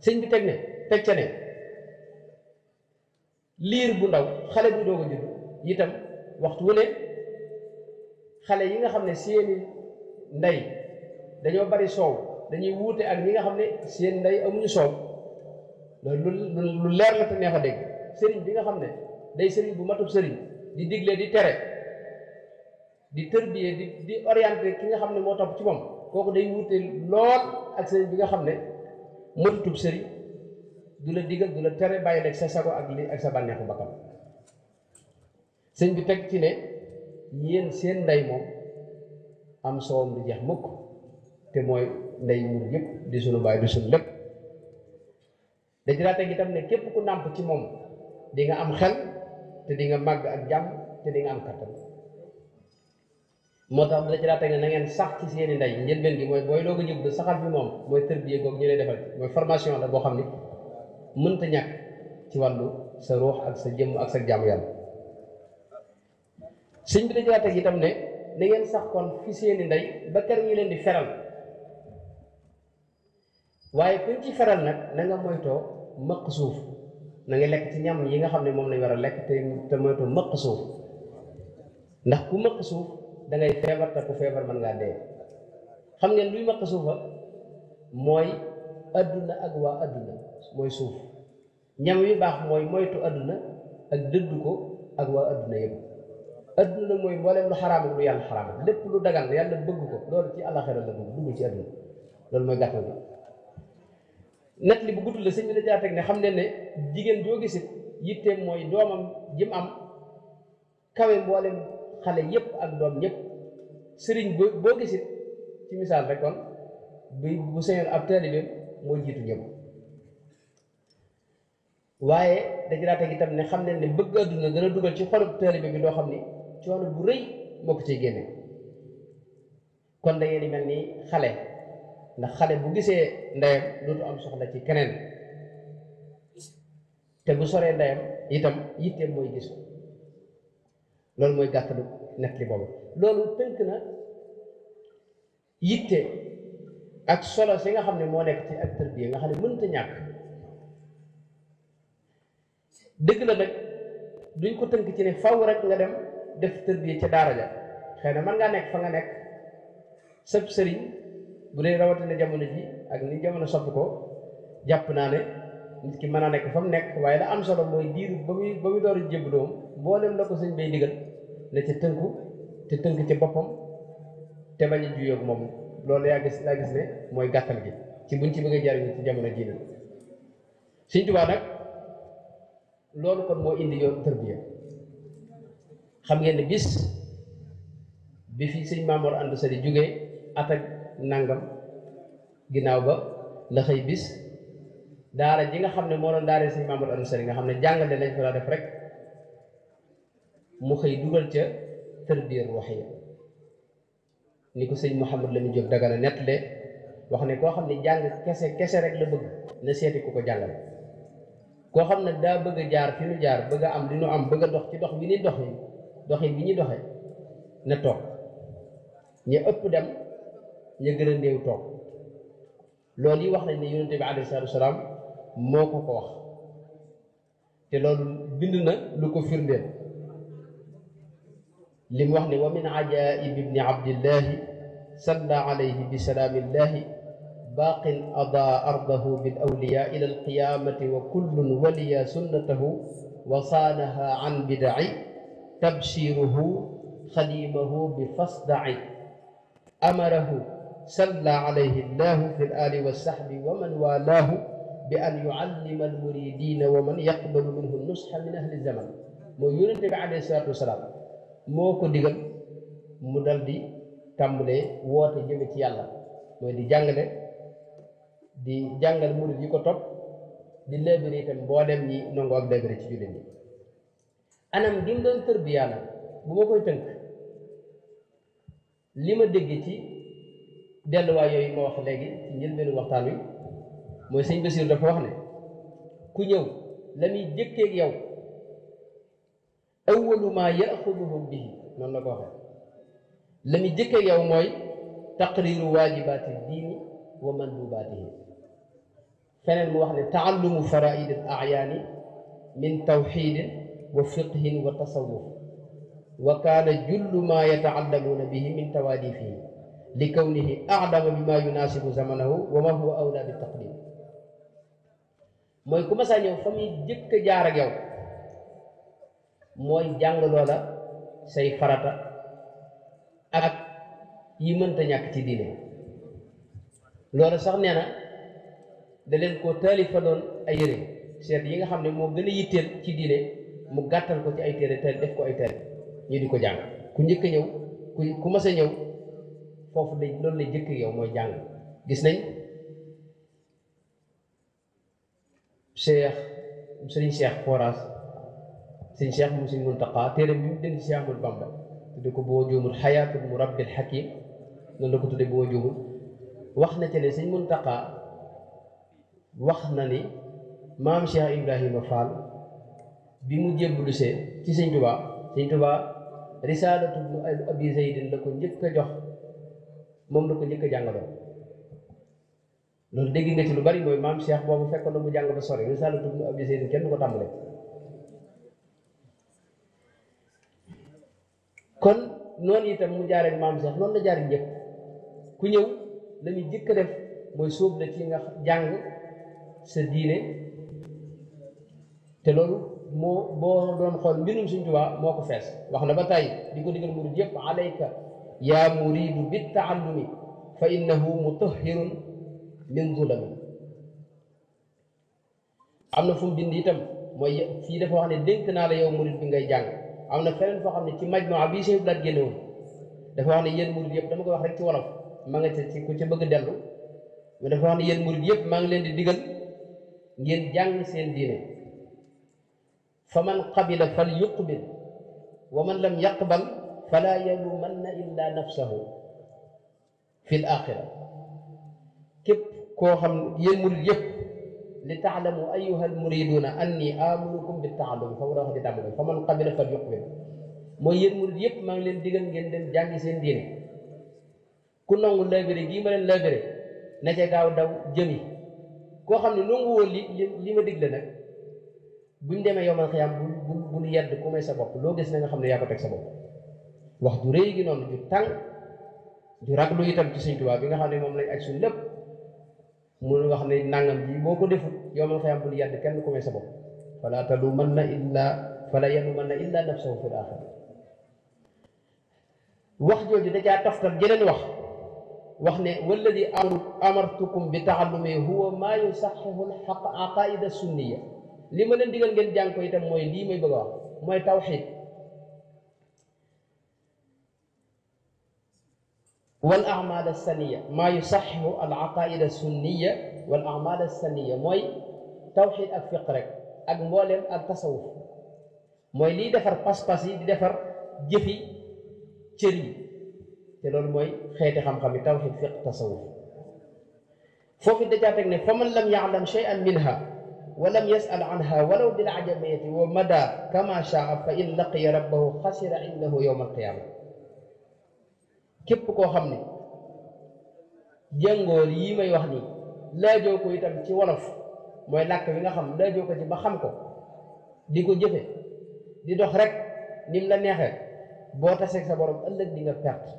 sëñ bi teg ne teg ca ne liir bu ndaw xale bu doog a judd itam waxtu wu ne xale yi nga xam ne seeni ndey dañoo bari soow dañuy wuute ak ñi nga xam ne seen ndey amuñu soow loolu lu leer la te neex a dégg sëriñ bi nga xam ne day sëriñ bu matub sëriñ di digle di tere di tërbiye di di orienté ki nga xam ne moo topp ci moom kooku day wuute lool ak sëriñ bi nga xam ne matutub sëriñ du la digal du la tere bàyyi leg sa sago ak li ak sa bànneexu bakkan sëñ bu teg ci ne yéen seen ndey moom am soowam mu jeex mukk te mooy ndey mur yëpp di sunu baay di sunu lépp dañ daa teg itam ne képp ku nàmp ci moom di nga am xel te di nga màgg ak jàmm te di nga am kattan moo tax da ci daa teg ne na ngeen sax ci seeni ndey njëlbeen gi mooy booy looga jub saxal fi moom mooy tërbiye googu ñu lay defal mooy formation la boo xam ne mënta ñàkk ci wàllu sa ruux ak sa jëm ak sa jàmm yàlla sëñ bi dañu laa tam itam ne da ngeen sax kon fi seeni ndey ba kër ñu leen di feral waaye kuñ ci feral nag na nga moytoo maq suuf na nga lekk ci ñam yi nga xam ne moom lañ war a lekk te te moytoo maq suuf ndax ku maq suuf da ngay feebar te ku feebar man ngaa dee xam ngeen luy maq suufa mooy adduna ak waa àdduna mooy suuf ñam wi baax mooy moytu àdduna ak dëddu ko ak waa àdduna yëpp àdduna mooy mboolem lu xaraam lu yàlla xaraamal lépp lu dagan yàlla bëgg ko loolu ci àllaxira la dugg dugg loolu mooy gàttal bi net li bu gudd la sëñ bi da ne xam ne ne jigéen joo gisit yitteem mooy doomam jim am kawe mboolem xale yépp ak doom ñëpp sëriñ boo gisit ci misaal rek bu bu ab taalibe moo jiitu ñëpp waaye dañu daa teg itam ne xam nañ ne bëgg adduna dana dugal ci xolub talibé bi loo xam ni coono bu rëy moo ko cay génne kon da ngeen di mel ni xale ndax xale bu gisee ndayam dutu am soxla ci keneen te bu soree ndayam itam yitteem mooy gis loolu mooy gàttalu net li boobu loolu tënk na yitte ak solo si nga xam ne moo nekk ci ak tërbiya nga xam ne mënta ñàkk dëgg la nag duñ ko tënk ci ne faw rek nga dem def tërbiya ca daara ja xëy na man ngaa nekk fa nga nekk sëb sëriñ bu dee rawatina jamono ji ak ni jamono sopp ko jàpp naa ne nit mën a nekk fa mu nekk waaye am solo mooy diiru ba muy ba muy door sëñ bay ca tënku te tënk ci boppam te bañ a juyoo moom loolu yaa gis laa mooy gàttal gi ci ci bëgg a ci jamono jii nag Sëñ Tuubaa nag loolu kon moo indi yoon tërbiya xam ngeen ne bis bi fi sëñ Maamoor ànd sa di jógee at ak nangam ginnaaw ba la xëy bis daara ji nga xam ne moo doon daaree sëñ Maamoor ànd nga xam ne jàngale lañ fa daa def rek mu xëy dugal ca tërbiya ruuxi ni ko sëñ Mouhamad la mu jóg dagana nettale wax ne koo xam ne jàng kese kese rek la bëgg na seeti ku ko jàngale koo xam ne daa bëgg jaar fi nu jaar bëgg am li nu am bëgg a dox ci dox bi ni doxi doxi bi ñu doxe na toog ña ëpp dem ña gën a néew toog loolu yi wax nañ ne yonente bi alayhi salaatu wasalaam moo ko ko wax te loolu bind na lu ko firndeel li wax ni wa min ajaaib ibni abdillahi salla alayhi bi salaamillahi باق أضاء أرضه بالأولياء إلى القيامة وكل ولي سنته وصانها عن بدع تبشيره خليمه بفصدع أمره صلى عليه الله في الآل والسحب ومن والاه بأن يعلم المريدين ومن يقبل منه النصح من أهل الزمن مو yonent عليه الصلاة والسلام مو moo ko digal mu dal di tàmbalee woote di jàngal murid yi ko topp di lébéré itam mboolem ñi nangoo ak lébéré ci jullit ñi anam gi mu doon tërbiyaa nag bu ma koy tënk li ma dégg ci delluwaay yooyu ma wax léegi ci njëlbéenu waxtaan wi mooy sëñ Basiir dafa wax ne ku ñëw la muy jëkkeeg yow awwalu maa yaxuduhum bihi noonu la ko waxee la muy yow mooy taqriiru waajibaati diini wa mandubatihi feneen mu wax ne taallumu faraid al ayaani min tawxidin wa fiqhin wa tasawuf wa kaana jullu ma yataallamuuna bihi min tawaadifihi li kawnihi aclama bima yunaasibu zamanahu wa ma huwa awla bi taqdim mooy ku masaa ñëw fa muy jëkk a jaar ak yow mooy jàng loola say farata ak yi mënta ñàkk ci diine loolu sax nee na da leen koo taalifa doon ay yére seet yi nga xam ne moo gën a yitteel ci diine mu gàttal ko ci ay téere teel def ko ay téere ñu di ko jàng ku njëkk a ñëw ku ku mas ñëw foofu dañ loolu la jëkk yow mooy jàng gis nañ cheikh sëriñ cheikh foras sëriñ cheikh mu sëriñ muntaqa téere bi mu dënd si amul bamba tudde ko boo juumul xayaatul murabbil hakim noonu la ko tudde boo juumul wax na ci ne sëñ Muntaqa wax na ni maam Cheikh Ibrahima Fall bi mu jébbalusee ci sëñ Tuubaa sëñ Tuubaa risaalatu Abi Zaydin la ko njëkk a jox moom la ko njëkk a jàngaloo loolu dégg nga ci lu bari mooy maam Cheikh boobu fekk na mu jàng ba sori risaalatu Abi Zaydin kenn du ko tàmbalee kon noonu itam mu jaaree maam Cheikh noonu la jaaree njëkk ku ñëw. la ñuy jëkk def mooy sóob ci nga jàng sa diine te loolu moo boo doon xool mbirum Sëñ Tuubaa moo ko fees wax na ba tàyyi di ko digal murid yëpp alayka yaa muridu bi taallumi fa innahu mutahhirun am na fu mu bind itam mooy fii dafa wax ne dénk naa la yow murid bi ngay jàng am na feneen foo xam ne ci majmaa bii seen blaat génnewoon dafa wax ne yéen murid yëpp dama koy wax rek ci wolof ma nga ca ci ku ca bëgg dellu mu dafa wax ne yéen murid yëpp maa ngi leen di digal ngeen jàng seen diine fa man qabila fal yuqbil wa man lam yaqbal fala yalumanna illa nafsahu fi l axira képp koo xam yéen murid yëpp li taalamu ayuha almuriduna anni amurukum bi taalum fa mu dawax di tàmbali fa man qabila fal yuqbil mooy yéen murid yëpp maa ngi leen digal ngeen dem jàngi seen diine ku nangu lëbëri gii ma leen lëbëri na ca gaaw daw jëmi koo xam ne nangu woon li li ma digle nag buñ demee yomal xiyaam bu bu bu ku may sa bopp loo gis na nga xam ne yaa ko teg sa bopp wax ju rëy itam ci bi nga xam ne moom lañ aj suñ lépp mu wax ne nangam ji boo ko defut yomal xiyaam bu ñu yedd kenn ku may sa bopp fala talumanna illa fala yalumanna illa nafsahu fil aaxira wax jooju da caa taftal jeneen wax وخنا والذي أمرتكم بتعلمه هو ما يصحح الحق عقائد السنية لما ديغال نين جانكو ايتام موي لي ماي بغا موي توحيد والأعمال السنية ما يصحح العقائد السنية والأعمال السنية موي توحيد أفقرك ak mboolem ak tasawuf mooy liy defar pas-pas yi di defar jëfi te loolu mooy xeeti xam-xami tawxiid fiq tasawuf foofu dajaa teg ne fa man lam yaalam cheyan minha wa lam yasal anha walaw bil ajamiyati wa mada kama shaa fa in laqiya rabbahu xasira indahu al alqiyaama képp koo xam ne jàngoor yi may wax nii laajoo ko itam ci wolof mooy làkk bi nga xam laajoo ko ci ba xam ko di ko jëfe di dox rek nim la neexee boo taseeg sa borom ëllëg di nga perte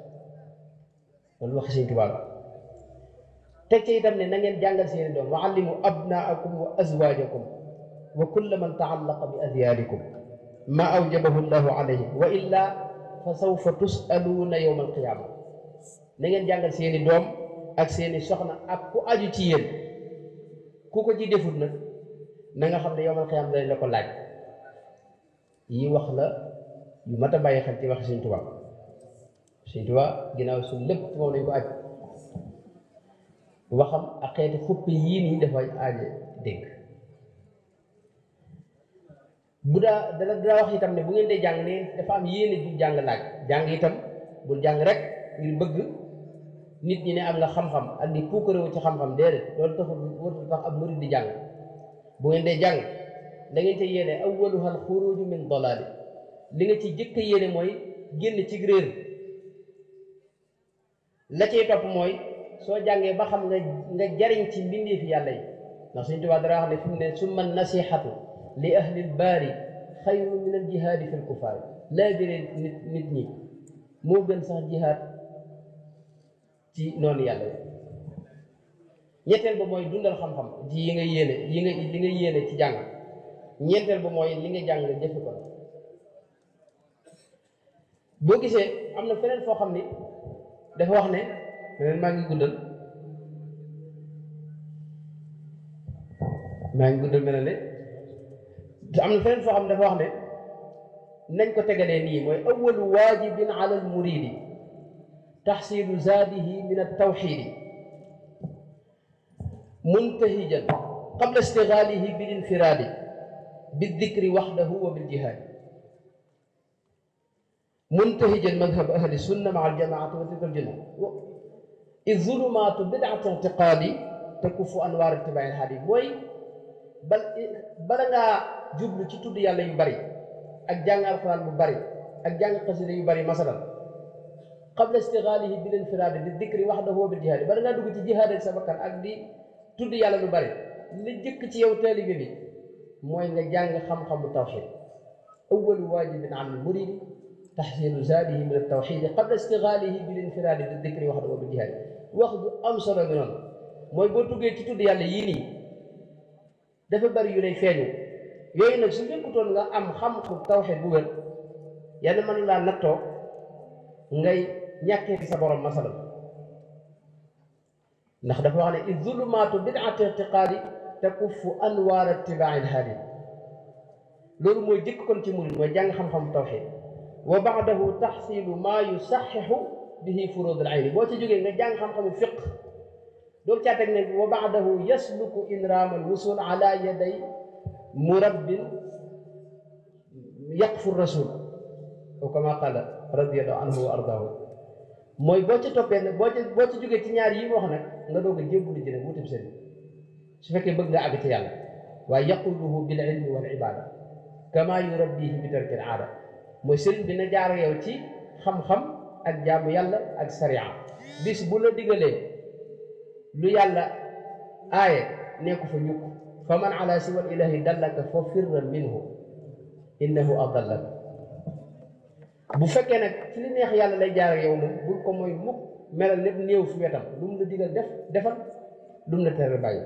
ولوخ سين كبار تكتي تام ني نانين جانغال سين دوم وعلموا ابناءكم وازواجكم وكل من تعلق بازياركم ما اوجبه الله عليه والا فسوف تسالون يوم القيامه نانين جانغال سين دوم اك سين سخنا اك كو اديو تي يين كوكو جي ديفوت نا نغا خامل يوم القيامه لاي لاكو لاج يي واخ لا يو متا باي خال تي واخ سين Sëñ Tuubaa ginnaaw suñ lépp moom lañ ko aj waxam ak xeeti xuppi yii nii dafa aaje dégg bu daa dana dana wax itam ne bu ngeen dee jàng ne dafa am yéene ju jàng laaj itam bul jàng rek ngir bëgg nit ñi ne am nga xam di puukarewu ci xam-xam déedéet loolu taxul di jàng bu ngeen dee jàng da ngeen te yéene awwaluha al xuruju min dalaali li nga ci jëkk a mooy génn ci réer la cay topp mooy soo jàngee ba xam nga nga jariñ ci mbindeef yàlla yi ndax suñ tubaab dara wax ne fi mu ne summa nasihatu li ahlil baari xayru min al jihaadi fil kufaar laa jëlee nit nit ñi moo gën sax jihaad ci noonu yàlla yi ñetteel ba mooy dundal xam-xam ci yi nga yéene yi nga li nga yéene ci jàng ñeenteel ba mooy li nga jàng jëfe ko boo gisee am na feneen foo xam ni dafa wax ne leneen maa ngi guddal maa ngi guddal mel ne am na feneen foo xam dafa wax ne nañ ko tegalee nii mooy awalu waajibin ala almuridi taxsilu zaadihi min altawxidi muntahijan qabla istigaalihi bilinfiraadi bildikri waxdahu wa biljihaadi منتهجا مذهب أهل السنة مع الجماعة وتلك الجنة إذ ظلمات بدعة اعتقاد تكف أنوار اتباع الحديث mooy bal bala ngaa jublu ci tudd yàlla yu bari ak jàng alxuraan bu bari ak jàng xasida yu bari masalan qabla istigaalihi bil infiraadi bi dikri waxdahu bil jihaadi bala ngaa dugg ci jihaad ak sa bakkan ak di tudd yàlla lu bari li jëkk ci yow taalibe bi mooy nga jàng xam-xamu tawxiid awwalu waajibin alal muriid taxsiinu zaadihi min altawxidi qabla istigaalihi bil infiraadi bi dikri waxda wa bi jihaad wax bu am solo bi noonu mooy boo tuggee ci tudd yàlla yii nii bari yu lay feeñu yooyu nag su nekkutoon nga am xam-xam tawxid bu wér yàlla mën laa nattoo ngay ñàkkee ci sa borom masalan ndax dafa wax ne i zulumaatu bidaati irtiqaadi takuffu anwaar ittibaai lhaadi loolu mooy jëkk kon ci murid mooy jàng xam-xam tawxid وبعده تحصيل ما يصحح به فروض العين بو تي جوغي nga jang xam xamu fiqh do ca tek ne wa ba'dahu yasluku inram al-wusul ala yaday murabbin yaqfu ar-rasul ko kama qala radiyallahu anhu wa ardahu moy bo ci topé nak bo ci bo ci joggé ci ñaar yi wax nak nga doga jébul ci nak wutub sëriñ su fekké bëgg nga ag ci yalla wa yaquluhu bil ilmi wal ibada kama yurabbihi bi tarkil 'ada mooy sëriñ bi na jaar yow ci xam-xam ak jaamu yàlla ak sariya bis bu la digalee lu yàlla aaye nekku fa ñukk fa man ala siwal ilahi dallaka fa firra minhu innahu adallak bu fekkee nag ci li neex yàlla lay jaar yow moom bul ko mooy mukk melal lépp néew fi wetam lu mu la digal def defal lu mu la tere bàyyi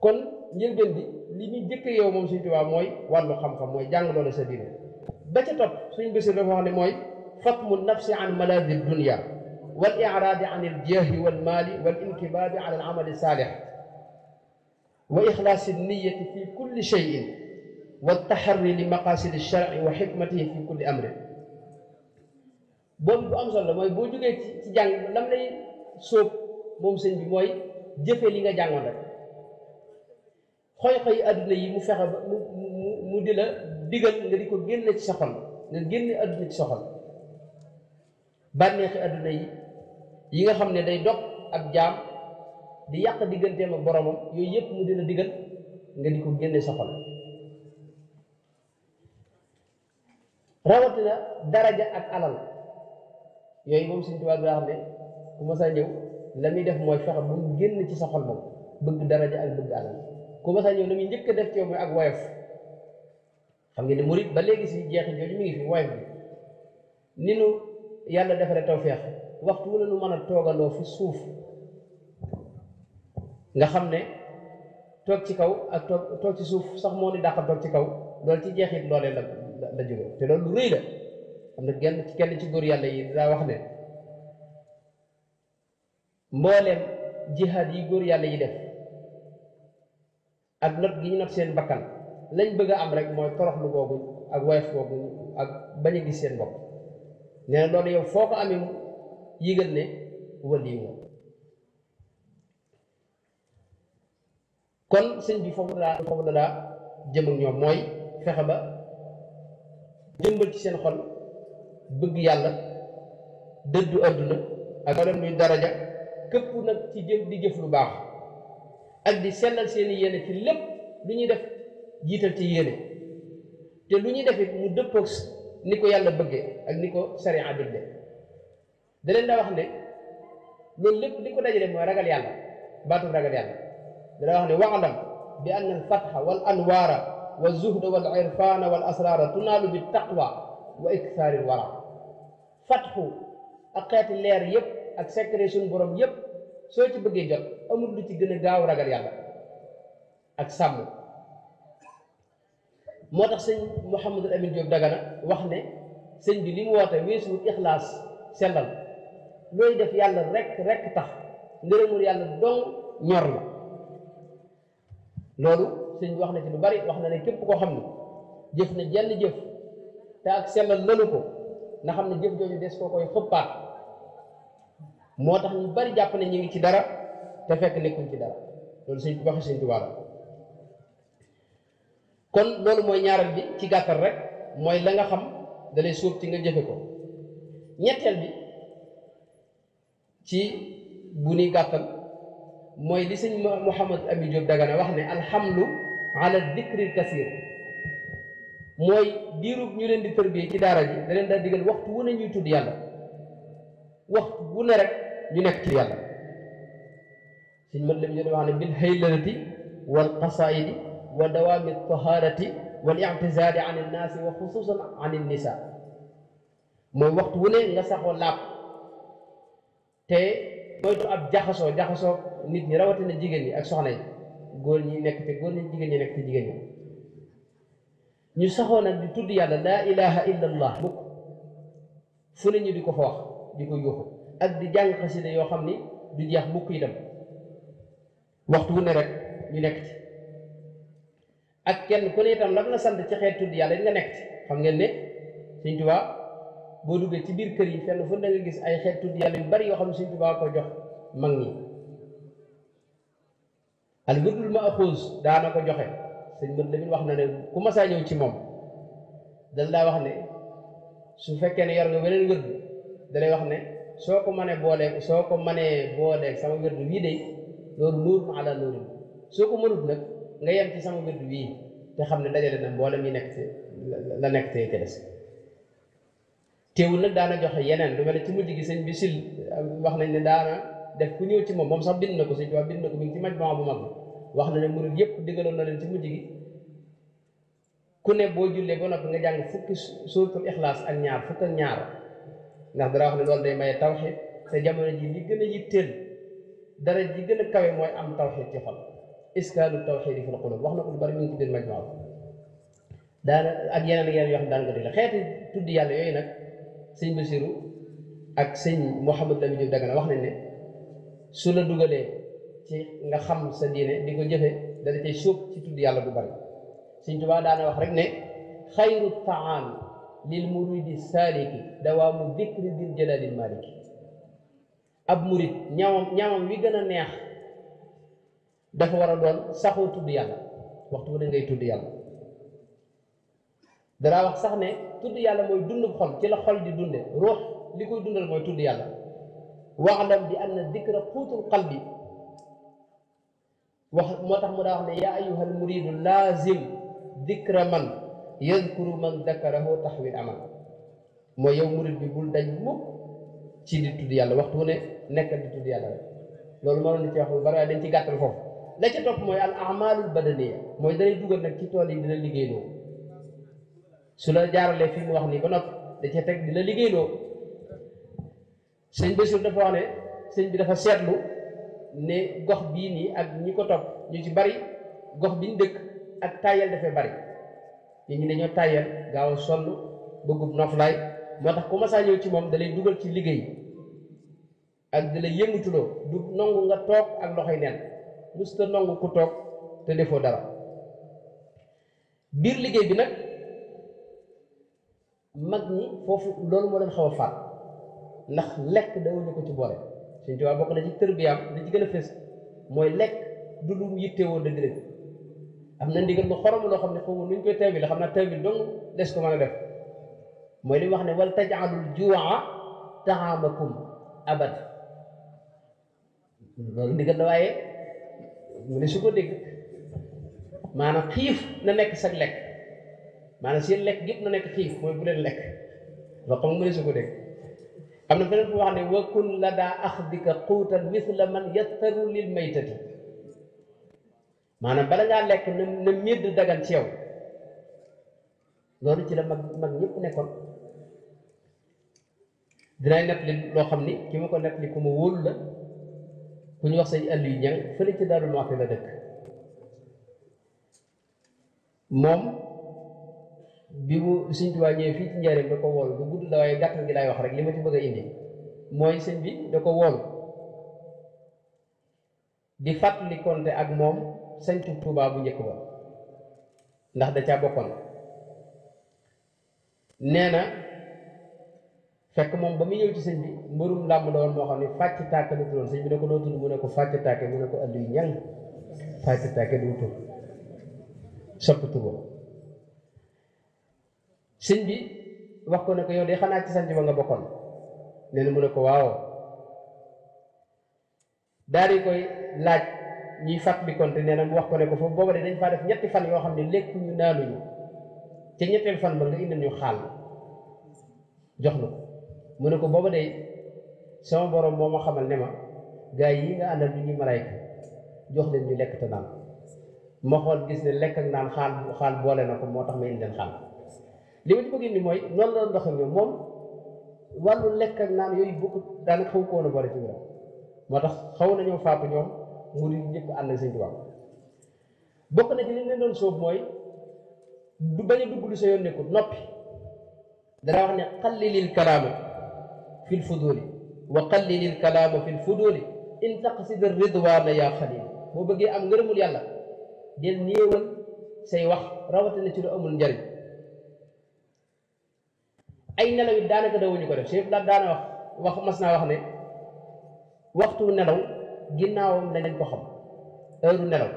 kon njëlbeen bi li ñuy jëkk yow moom suñu tubaab mooy wàllu xam-xam mooy jàng loolu sa diine باتي توب سيني بيسي ريفوالي موي فطم النفس عن ملاذ الدنيا والاعراض عن الجاه والمال والانكباد على العمل الصالح واخلاص النيه في كل شيء والتحري لمقاصد الشرع وحكمته في كل امر بوم بو ام صلو موي بو جوغي سي سوب موم سيني بي موي جيفه جان جانغون خوي خوي ادنا يي مو digal nga di ko génne ci sa xol nga génne adduna ci sa xol bànneexi adduna yi yi nga xam ne day dog ab jaam di yàq digganteem ak boromam yooyu yëpp mu dina digal nga di ko génne sa xol rawatina daraja ak alal yooyu moom suñ tubaab daa xam ne ku mas ñëw la def mooy fexe bu mu génn ci sa xol moom bëgg daraja ak bëgg alal ku mas a ñëw la njëkk def ci yow ak woyof xam ngeen ne murit ba léegi si jeexi jooju mi ngi fi waaye ni nu yàlla defaree tawféex waxtu wu ne nu mën a toogandoo fi suuf nga xam ne toog ci kaw ak toog ci suuf sax moo ni dàqa toog ci kaw loolu ci jeex loolee la la jóge te loolu lu la am na genn ci kenn ci góor yàlla yi daa wax ne mbooleem jihaad yi góor yàlla yi def ak not gi ñu not seen bakkan lañ bëgg a am rek mooy toroxlu kooku ak woyof googu ak bañu a gis seen bopp nee na loolu yow foo ko amee yëgal ne wali yi kon sëñ bi foofu la foofu la daa jëm ak ñoom mooy fexe ba jëmbal ci seen xol bëgg yàlla dëddu àdduna ak mboolem luy daraja képp nag ci jëf di jëf lu baax ak di sellal seeni yéene ci lépp li ñuy def jiital ci yéene te lu ñuy defit mu dëppoo ni ko yàlla bëggee ak ni ko sariya digle da leen daa wax ne loolu lépp li ko dajale mooy ragal yàlla baatu ragal yàlla dana wax ne waxlam bi anna al fatha wal anwaara wa zuhda wal irfaana wal asraara bi taqwa wa iktaaril wara fatxu ak xeeti leer yëpp ak secret suñu borom yëpp soo ci bëggee jot amul lu ci gën a gaaw ragal yàlla ak sàmm moo tax sëñ Mouhamadul Amin Diop Dagana wax ne sëñ bi li mu woote weesuwul ixlaas sellal looy def yàlla rek rek tax ngërëmul yàlla dong ñor la loolu sëñ bi wax na ci lu bari wax na ne képp koo xam ne jëf na jenn jëf te ak sellal lalu ko nga xam ne jëf jooju des koo koy xëppaat moo tax ñu bari jàpp ne ñu ngi ci dara te fekk nekkuñ ci dara loolu sëñ bi waxe sëñ bi kon loolu mooy ñaareel bi ci gàttal rek mooy la nga xam da lay suuf ci nga jëfe ko ñetteel bi ci bu ni gàttal mooy li sëñ Mouhamad Ami Diop Dagana wax ne alhamdu ala dikril kasir mooy diirub ñu leen di tërbiyee ci daara ji da leen daa digal waxtu wu ne ñuy tudd yàlla waxtu wu ne rek ñu nekk ci yàlla suñ mën lam ñu wax ne bil haylalati wal qasaidi wa dawaami taharati wal ictizaadi wa xusuusan an innisa mooy waxtu wu ne nga saxoo laab te moytu ab jaxasoo jaxasoo nit ñi rawatina jigéen ñi ak soxna yi góor ñi nekk te góor ñi jigéen ñi nekk te jigéen ñi ñu saxoo nag di tudd yàlla laa ilaha illa allah fu ne ñu di ko fa wax di ko yuuxu ak di jàng xasida yoo xam ni du jeex mukk itam waxtu wu ne rek ñu nekk ci ak kenn ku ne itam lam la sant ci xeet tudd yàlla nga nekk xam ngeen ne Sëñ Tuubaa boo duggee ci biir kër yi fenn fu da nga gis ay xeet tudd yàlla yu bari yoo xam ne Sëñ Tuubaa ko jox mag ñi al wirdul maaxuus daana ko joxe sëñ mën lamin wax na ne ku masaa ñëw ci moom dal daa wax ne su fekkee ne yar nga weneen wërd dalay wax ne soo ko mënee booleeg soo ko mënee booleeg sama wërd wii de loolu nuur ala nuur soo ko mënut nag nga yem ci sama gëdd bii te xam ne dajale na mboolem yi nekk la nekk te ca des teewul nag daana joxe yeneen lu ma ne ci mujj gi sëñ bi sil euh, wax nañ ne daana def ku ñëw ci moom moom sax bind na ko si bi bind na ko mi ngi ci majmaa wax na ne murid yëpp digaloon na leen ci mujj gi ku ne boo jullee ba noppi nga jàng fukki suuratul ixlaas ak ñaar fukk ak ñaar ndax dara wax ne loolu day maye tawxid te jamono ji li gën a yitteel dara ji gën a kawe mooy am tawxid ci xol iskaanu tawxiidi fi lqulub wax na ko bari mu ngi ci biir majmaa daana ak yeneen yeneen yo xam daan ko di la xeeti tudd yàlla yooyu nag sëñ ak seigne mohammed Lamine Dagana wax nañ ne su la dugale ci nga xam sa diine di ko da la cey sopp ci tuddi yalla bu bari touba da na wax rek ne xayru taam lil muridi saaliki dawaamu dikri dil jalaalil malik ab murid ñaawam ñaawam wi gëna neex dafa wara doon saxoo tudd yàlla waxtu bu ne ngay tudd yàlla danaa wax sax ne tudd yàlla mooy dund xol ci la xol di dunde ruux li koy dundal mooy tudd yàlla waxlam bi anna dikra xuutul qalbi wax moo tax mu daa wax ne yaa ayuhal muridu laazim dikra man yadkuru man dakarahu taxwil amal mooy yow murid bi bul dañ mukk ci di tudd yàlla waxtu bu ne nekkal di tudd yàlla rek loolu mënoon ci wax dañ ci gàttal foofu la ca topp mooy al amalul badaniya mooy danay dugal nag ci tool yi dina liggéeyloo su la jaaralee fi mu wax nii ba noppi da ca teg dina liggéeyloo sëñ Bésir dafa wax ne sëñ bi dafa seetlu ne gox bii nii ak ñi ko topp ñu ci bari gox bi ñu dëkk ak tayal dafay bari nit ñi dañoo tayal gaaw a sonn bëggub noflaay moo tax ku masaa ñëw ci moom da lay dugal ci liggéey ak da lay yëngutuloo du nangu nga toog ak loxoy neen musta nangu ku toog te defoo dara biir liggéey bi nag mag ñi foofu loolu moo leen xaw a faat ndax lekk dawuñu ko ci boole suñ tubaab bokk na ci tërbiyaam li ci gën a fës mooy lekk du lu yittewoo dëgg am na ndigal lu xorom loo xam ne foofu nuñ koy tawil xam naa tawil dong des ko mën a def mooy li wax ne wal tajaalul juu'a taxaamakum abad loolu ndigal la mu ne su ko dégg maanaam xiif na nekk sag lekk maanaam seen lekk gépp na nekk xiif mooy bu leen lekk loo xam mu ne su ko dégg am na feneen fu wax ne wa kun la daa axdika quutan misla man yastaru lil maytati maanaam bala ngaa lekk na na médd dagan ci yow loolu ci la mag mag ñëpp nekkoon dinaay nettali loo xam ni ki ma ko nettali ku ma wóolu la ku ñu wax sëñ Aliou Niang fële ci Daaru Muxti la dëkk moom bi mu sëñ Tuubaa ñëwee fii ci njëriñ da ko woolu bu gudd la waaye gàttal gi laay wax rek li ma ci bëgg a indi mooy sëñ bi da ko woolu di fàttali konte ak moom sëñ Tuubaa bu njëkk ba ndax da caa bokkoon nee na fekk moom ba mu ñëw ci sëñ bi mbërum làmb la moo xam ne fàcc tàkke la turoon sëñ bi ne ko noo tudd mu ne ko fàcc tàkke mu ko adduy ñang fàcc tàkke du tur sopp tur ba sëñ bi wax ko ne ko yow de xanaa ci sanc nga bokkoon nee na mu ne ko waaw daal di koy laaj ñuy fàtt bi konte nee wax ko ne ko foofu booba de dañ faa def ñetti fan yoo xam ne lekk ñu naanuñu te ñetteel fan ba nga indil ñu xaal jox na ko mu ne ko booba day sama borom moo ma xamal ne ma gaa yi nga àndal bi ñuy malayka jox leen ñu lekk te naan ma xool gis ne lekk ak naan xaal xaal boole na ko moo tax ma indi leen xaal li ma ci bëgg ni mooy noonu la doon doxee moo tax xaw nañoo faatu ñoom mu di ñëpp ànd ak seen tubaab bokk du a dugg sa yoon nekkul noppi dana wax ne xallilil kalaama في الفضول وقلل الكلام في الفضول ان تقصد الرضوان يا خليل مو بغي ام غرمول يالا ديال نيول سي واخ لي تي دو امول نجار اي لو دانك دو نيو كو شيخ دا دانا واخ واخ مسنا واخ ني وقت نلاو غيناو لا نين كو خم اور نلاو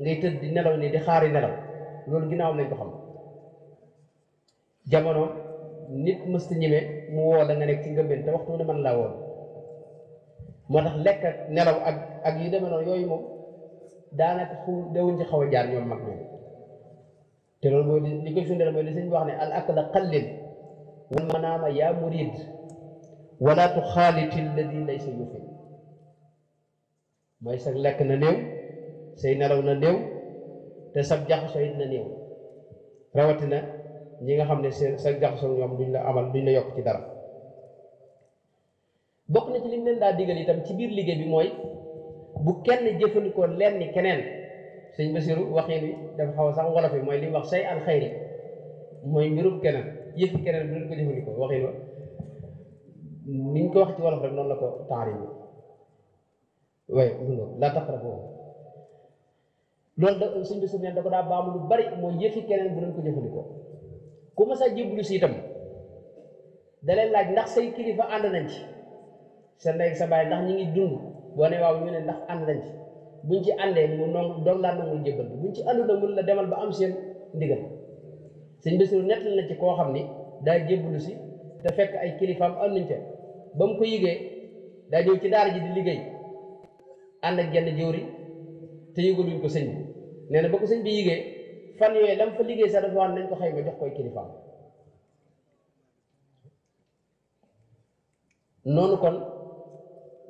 ngay tëdd di nelaw ni di xaari nelaw loolu ginnaaw lañ ko xam nit mës ta ñeme mu woo la nga nekk ci ngëmbeen te waxtu ne laa woon moo tax lekk nelaw ak ak yu yooyu moom daanaka fu dewuñ ci xaw a jaar ñoom mag ñoom te loolu mooy li koy sundal mooy li sëñ bi wax ne al akla qallil mooy sax lekk na néew say nelaw na néew te sab jaxasoo na néew rawatina ñi nga xam ne seen sa jaxasoo ñoom duñ la amal duñ la yokk ci dara bokk na ci lim leen daa digal itam ci biir liggéey bi mooy bu kenn jëfandikoo lenn keneen sëñ basiru waxin ni dafa xaw sax wolof bi mooy li wax say al xayri mooy mbirum keneen yëfi keneen bu ko jëfandikoo waxin ni niñ ko wax ci wolof rek noonu la ko taarim way la bo loolu da sëñ basiru neen da ko daa baamu lu bari mooy yëfi keneen bu leen ko jëfandikoo ku ma sa jébbalu si itam da leen laaj ndax say kilifa ànd nañ ci sa ndey sa baay ndax ñi ngi dund boo ne waaw ñu ne ndax ànd nañ ci buñ ci àndee mu noom doon laa nangul jébbal buñ ci àndu na mun la demal ba am seen ndigal sëñ Basiru nett na ci koo xam ni daa jébbalu si te fekk ay kilifaam am nañ ca ba mu ko yëgee daa ñëw ci daara ji di liggéey ànd ak genn jëwri te yëgaluñ ko sëñ bi nee na ba ko sëñ bi yëgee fan yooyu lam fa liggéey sax dafa waan nañ ko xayma jox koy kilifaam noonu kon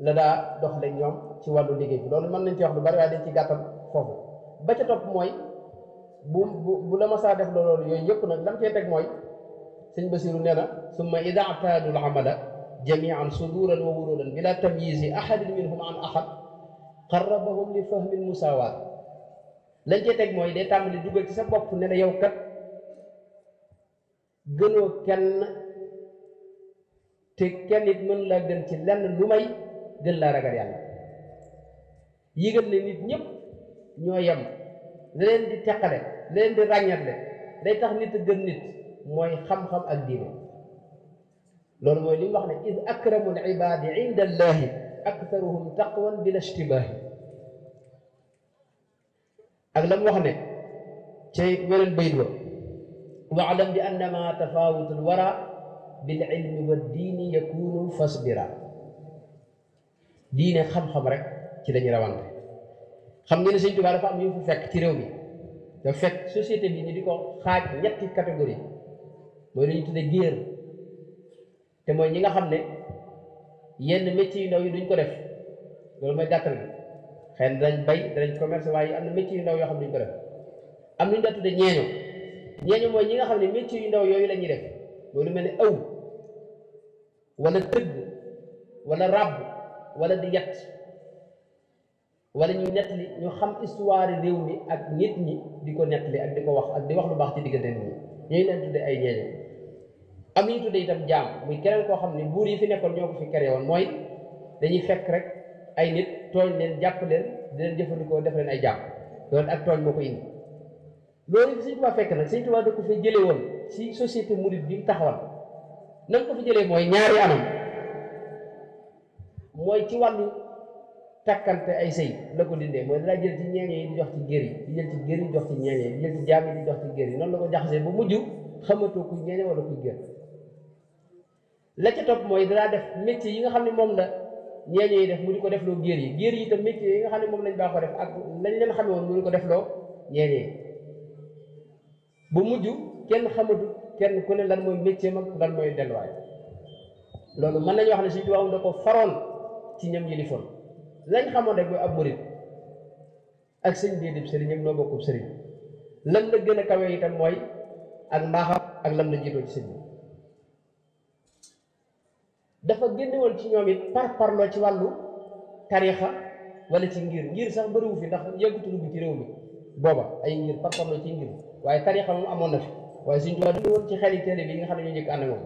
la daa doxale ñoom ci wàllu liggéey bi loolu mën nañ ci wax lu bari waaye dañ ci gàttal foofu ba ca topp mooy bu bu bu la masaa def loolu yooyu yëpp nag lam cee teg mooy sëñ Basiru nee na summa ida ataadu l amala jamian suduran wa wurudan bila tamyizi ahadin minhum an ahad qarrabahum li fahmi l musawaat lañ cee teg mooy day tàmbali dugal ci sa bopp ne la yow kat gënoo kenn te kenn it mën laa gën ci lenn lu may gën laa ragal yàlla yëgal ne nit ñëpp ñoo yem la leen di teqale la leen di ràññatle day tax nit a gën nit mooy xam-xam ak diine loolu moool li mu wax ne id akramul ibaadi inda allahi aktharuhum taqwan bila ishtibaahi ak la mu wax ne cay weneen bayt wa waalam bi am tafawutul wara bil ilmi wa diini yakunu fasbira diine xam-xam rek ci lañuy rawante xam ngeen ne sëñ Tuubaa dafa am ñu fu fekk ci réew mi da fekk société bi ñu di ko xaaj ñetti catégorie mooy la ñu tudde géer te mooy ñi nga xam ne yenn métier yu ndaw yi duñ ko def loolu mooy gàttal xëy na danañ bay danañ commerce waaye am na métier yu ndaw yoo xam ne duñ am nañu daa tudde ñeeño ñeeño mooy ñi nga xam ne métier yu ndaw yooyu lañuy ñuy def loolu mel ni aw wala tëgg wala ràbb wala di yat wala ñu nettali ñu xam histoire réew mi ak ñit ñi di ko nettali ak di ko wax ak di wax lu baax ci diggante nit ñi ñooñu leen tudde ay ñeeño am nañu tudde itam jaam muy keneen koo xam ne buur yi fi nekkoon ñoo ko fi créé woon mooy dañuy fekk rek ay nit tooñ leen jàpp leen di jëfandikoo def leen ay jàpp loolu ak tooñ moo ko indi loolu Sëñ Tuubaa fekk nag si Tuubaa da ko fi jëlee woon si société murid bi mu taxawal nan ko fi jëlee mooy ñaari anam mooy ci wàllu takkante ay sëy la ko dindee mooy dalaa jël ci ñeeñe yi di jox ci gér yi di jël ci gér yi jox ci ñeeñe yi di jël jox ci gér yi noonu la ko jaxasee ba mujj xamatoo kuy ñeeñe wala kuy gér la mooy dalaa def métier yi nga xam ne moom la ñeeño yi def mu di ko defloo géer yi géer yi itam métier yi nga xam ne moom lañ baaxoo def ak lañ leen xame woon mu di ko defloo ñeeño yi bu mujj kenn xamatu kenn ku ne lan mooy métier mag lan mooy delluwaay loolu mën nañu wax ne suñu tubaab da ko faroon ci ñam yi lifoon lañ xamoon rek mooy ab murit ak sëñ bii dib sëriñ ñoom noo bokkub sëriñ lan la gën a kawee itam mooy ak mbaaxam ak lam la jiitoo ci sëñ dafa génne woon ci ñoom it par parloo ci wàllu tariixa wala ci ngir ngir sax bëriwu fi ndax yëggutuñu bi ci réew mi booba ay ngir par parloo ci ngir waaye tariixa moom amoon na fi waaye suñ tubaab dindi woon ci xel yi téere bi nga xam ne ñoo njëkk ànd moom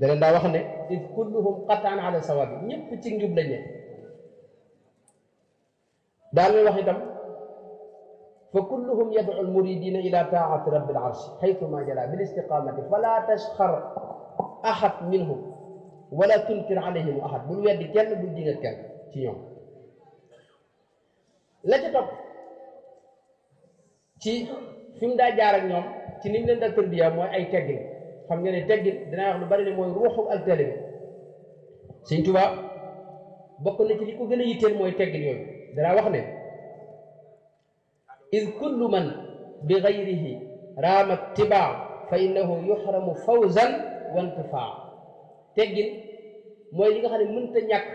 da leen daa wax ne id kulluhum qataan ala sawaabi ñëpp ci njub lañ ne daal lay wax itam فكلهم يدعو المريدين إلى طاعة رب العرش حيثما جرى بالاستقامة فلا تسخر أحد منهم ولا تنكر عليهم احد بول ويد كين بول ديغا كين سي نيوم لا تي توك سي فيم دا جار اك نيوم سي نين لن دا تربيا موي اي تيغي خم نيني تيغي دا نا واخ لو بارني موي روحو ال تيلي سيغ توبا بوكو نتي ليكو غنا ييتيل موي تيغي يوي دا واخ ني اذ كل من بغيره رام اتباع فانه يحرم فوزا وانتفاعا teggin mooy li nga xam ne mënta ñàkk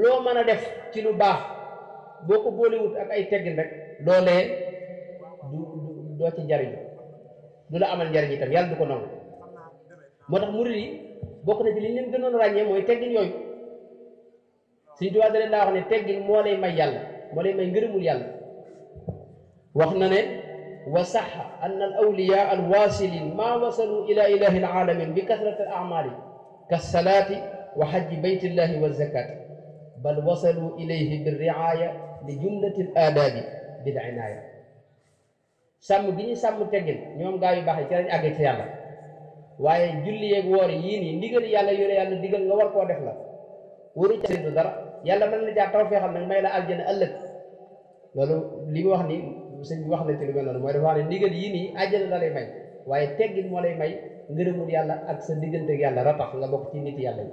loo mën a def ci lu baax boo ko boolewut ak ay teggin rek loolee du doo ci njariñ du la amal njariñ itam yàlla du ko noonu moo tax murid yi bokk na ci li leen gënoon ràññee mooy teggin yooyu suñu duwaa da leen daa wax ne teggin moo lay may yàlla moo lay may ngërëmul yàlla wax na ne وصح أن الأولياء الواصلين ما وصلوا إلى إله العالمين بكثرة الأعمال كالصلاة وحج بيت الله والزكاة بل وصلوا إليه بالرعاية لجملة الآداب بالعناية سام بني سام تجل نيوم غاي باخي تي اغي تي يالا واي جولي يك وور ييني ديغل يالا يوري يالا ديغل nga war ko def la wori tay du dara yalla man la ja tawfiqam nak may la aljana ëlëk lolu limi sëñ bi wax na ci lu mel non moy dafa wax ne ndigal yii nii àjjana la lay may waaye teggin mo lay may ngeureumul yalla ak sa diggante ak yàlla ratax nga bok ci nit yalla yi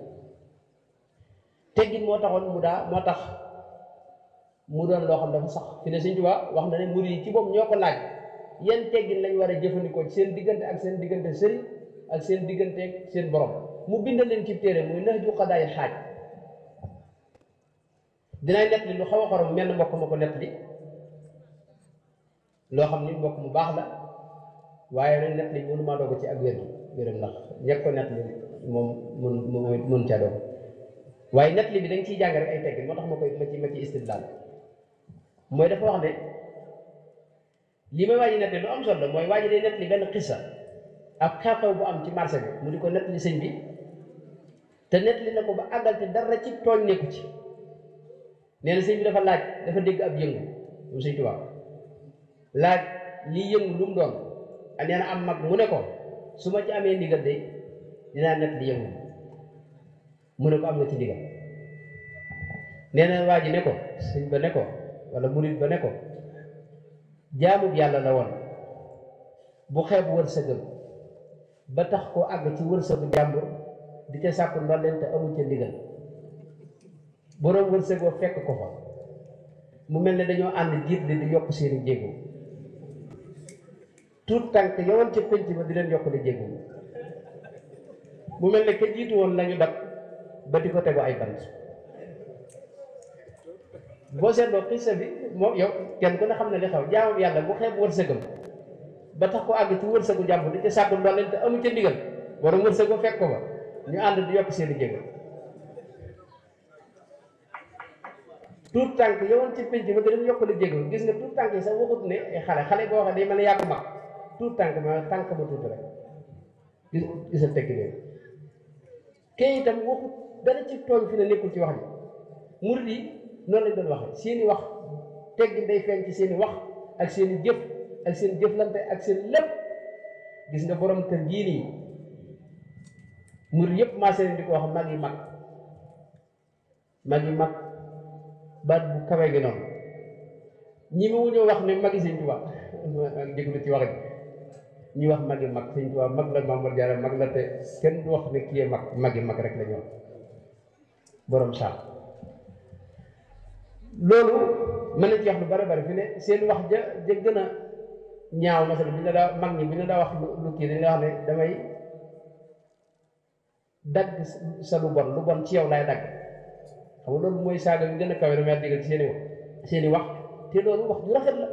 teggin mo taxoon mu da mo tax mu doon lo xam dafa sax fi ne señ tuba wax na ne mouride ci bop ñoko laaj yeen teggin lañ wara jëfëndiko ci seen diggante ak seen diggante sëriñ ak seen diggante ak seen borom mu bind leen ci téré muy Nahju qada'i Haaj dinaay nettali lu xawa a xorom mel mbokk mako netti loo xam ni mbokk mu baax la waaye nañ nett li mënu maa doog ci ak wér wéram ndax ñeg ko nett moom mun mun ca doog bi dañ ciy jàng rek ay teggin moo tax ma ci ma ci mooy dafa wax ne li may waaji nett li lu am solo mooy waaji day nett benn xissa ak xew bu am ci marché bi mu di ko nett li sëñ bi te nett li na ko ba àggal te dara ci tooñ nekku ci nee na sëñ bi dafa laaj dafa dégg ab yëngu mu sëñ tubaab laaj li yëngu lu mu doon a nee na am mag mu ne ko su ma ci amee ndigal de dinaa nekk di yëngu mu ne ko am nga ci ndigal nee na waa ji ne ko sëñ ba ne ko wala murit ba ne ko jaamub yàlla la woon bu xeeb wërsëgam ba tax ko àgg ci wërsëgu jàmbur di ca sàkku ndolleen te amul ca ndigal boroom wërsëgoo fekk ko fa mu mel ne dañoo ànd jiit li di yokk i jéego tuut tànk yowoon ca penc ba di leen yokk di jéggi mu mel ne ke jiitu woon lañu dab ba di ko tegu ay bant boo seetloo xisa bi moom yow kenn ku ne xam ne li xew jaamam yàlla bu xeeb wërsëgam ba tax ko àgg ci wërsëgu jàmm di ci sàkku ndolleen te amu ca ndigal warum wërsëgu fekk ko ba ñu ànd di yokk seen i jégal tuut tànk yowoon ci penc ba di leen yokk di jéggi gis nga tuut tànk yi sax waxut ne xale xale boo xam ne mel ne yàgg mag tuut tànk ma tànk ma tuuti rek gis gisal tekki ne kee itam waxu dara ci tooñ fi ne nekkul ci wax ji murid yi noonu lañ doon wax seeni wax teggin day feeñ ci seeni wax ak seeni jëf ak seen jëflante ak seen lépp gis nga borom kër gii nii murid yëpp maa seen di ko wax mag yi mag mag yi mag baat bu kawe gi noonu ñi ma wuñoo wax ne magi seen tubaab ak *laughs* déglu ci wax ji ñuy wax magi mag sëñ Tuubaa mag la Maam Mor Jaara mag la te kenn du wax ne kii mag magi mag rek la ñu wax borom saam loolu mën nañ ci lu bari bari fi ne seen wax ja ja gën a ñaaw masal bi ñu daa mag ñi bi ñu daa wax lu kii dañ la wax ne damay dagg sa lu bon lu bon ci yow laay dagg xam nga loolu mooy saaga bi gën a kawe damay diggal seeni wax seeni wax te loolu wax ju rafet la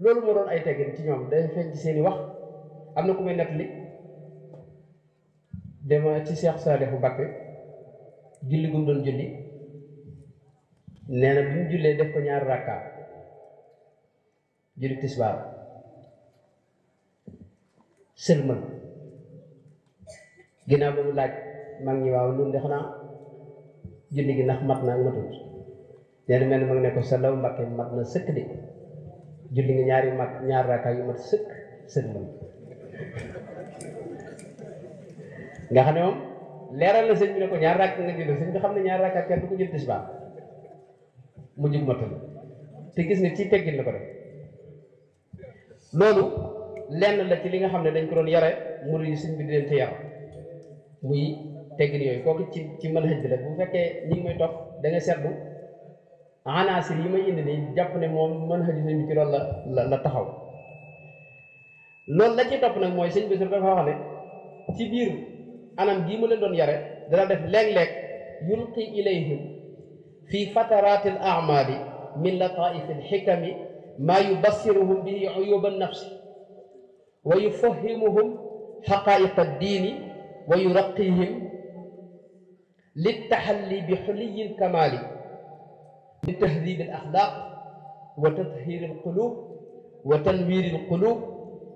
loolu moo doon ay tegin ci ñoom day feeñ ci seeni wax am na ku may nettali dama ci Cheikh Saalihu Mbàkke julli gum doon julli nee na bi mu jullee def ko ñaari rakka julli tisbaar sëlmal ginnaaw ba mu laaj mag ñi waaw lu ndex xanaa julli gi ndax mat naa matut nee na mel ni mag ne ko sa law Mbàkke mat na sëkk de julli nga ñaari mag ñaar raaka yu mat sëkk sëkk moom nga xam ne moom leeral na sëñ bi ne ko ñaar raaka nga jël sëñ bi xam ne ñaar raaka kenn du ko gis nga ci teggin la ko def loolu lenn la ci li nga xam ne dañ ko doon yare mur yi sëñ bi di leen ci muy teggin yooyu kooku ci ci mën xëj bi la bu fekkee ñu ngi may topp da عناصر يما يندي جاب نم من هذه سنبتير الله الله تهاو لول لكي تبنا موي سنبتير الله تهاو نه تبير أنا مجيب له دنيا ره دلنا ده لين يلقي إليهم في فترات الأعمال من لطائف الحكم ما يبصرهم به عيوب النفس ويفهمهم حقائق الدين ويرقيهم للتحلي بحلي الكمال لتهذيب الأخلاق وتطهير القلوب وتنوير القلوب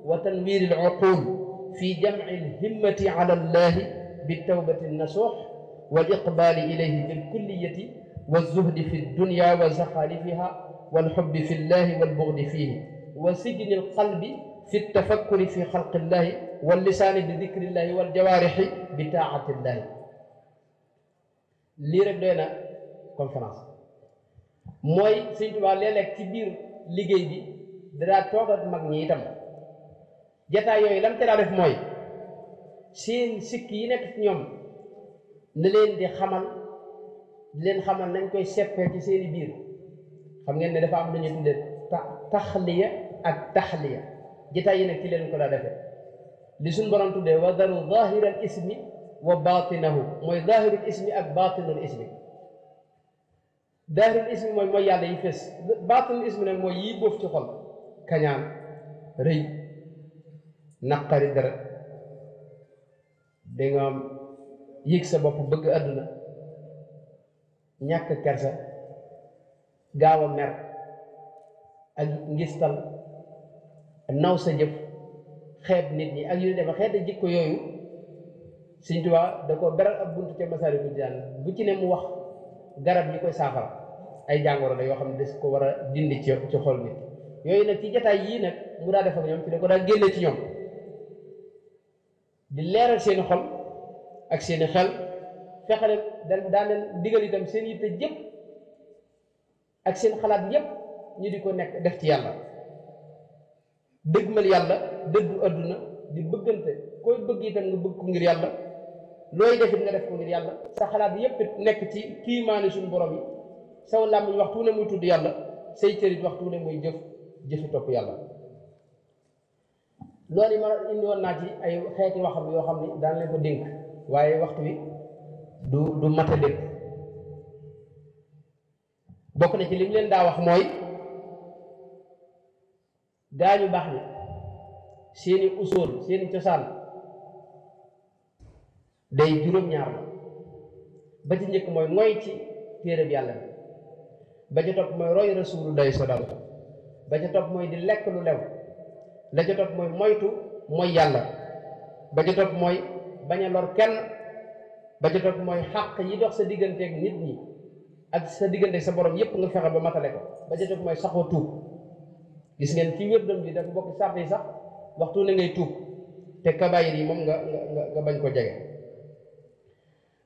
وتنوير العقول في جمع الهمة على الله بالتوبة النصوح والإقبال إليه بالكلية والزهد في الدنيا وزخارفها والحب في الله والبغض فيه وسجن القلب في التفكر في خلق الله واللسان بذكر الله والجوارح بتاعة الله لي رك دوينا mooy sëñ Tuubaa léeg-léeg ci biir liggéey bi dadaa toogat mag ñi itam jataay yooyu lam ca daa def mooy seen sikk yi nekk ci ñoom na leen di xamal di leen xamal nañ koy seppee ci seeni biir xam ngeen ne dafa am lu ñu tax taxliya ak taxliya jataay yi nekk ci leen ko daa defee li suñ borom tuddee wa daru zahiral ismi wa baatinahu mooy zahirul ismi ak baatinul ismi daaril ismi mooy mooy yàlla yi fees baatinul ismi nag mooy yi boof ci xol kañaan rëy naqari dara di nga yëg sa bopp bëgg àdduna ñàkk kerse gaaw a mer ak ngistal naw sa jëf xeet nit ñi ak yu ne dafa xeeta jikko yooyu Sëñ Tuubaa da ko beral ak buntu ca Masaalikul Jinaan bu ci ne mu wax garab yi koy saafara ay jàngoro la yoo xam ne des ko war a dindi ci ci xol bi yooyu nag ci jataay yii nag mu daa def ak ñoom ci da ko daa génne ci ñoom di leeral seeni xol ak seeni xel fexe leen dañ daa leen digal itam seen yitte jëpp ak seen xalaat yëpp ñu di ko nekk def ci yàlla dëgmal yàlla dëddu adduna di bëggante koy bëgg itam nga bëgg ko ngir yàlla looy defit nga def ko ngir yàlla sa xalaat yépp nekk ci kiimaani suñu borom yi saw làmmiñ waxtu ne muy tudd yàlla say cërit waxtu ne muy jëf jëfi topp yàlla loolu ma indi woon naa ci ay xeeti waxam yoo xam ni daan leen ko dénk waaye waxtu wi du du mat bokk na ci li leen daa wax mooy gaañu baax ni seeni usool seeni cosaan day juróom-ñaar la ba ci njëkk mooy ngoy ci téereb yàlla bi ba ca topp mooy roy rasuulu day sodal ba ca topp mooy di lekk lu lew la ca topp mooy moytu mooy yàlla ba ca topp mooy bañ a lor kenn ba ca topp mooy xàq yi dox sa digganteeg nit ñi ak sa digganteeg sa borom yépp nga fexe ba matale ko ba ca topp mooy saxoo tuub gis ngeen ci wérdam bi dafa bokk sart yi sax waxtu ne ngay tuub te kabaayir yi moom nga nga nga bañ ko jege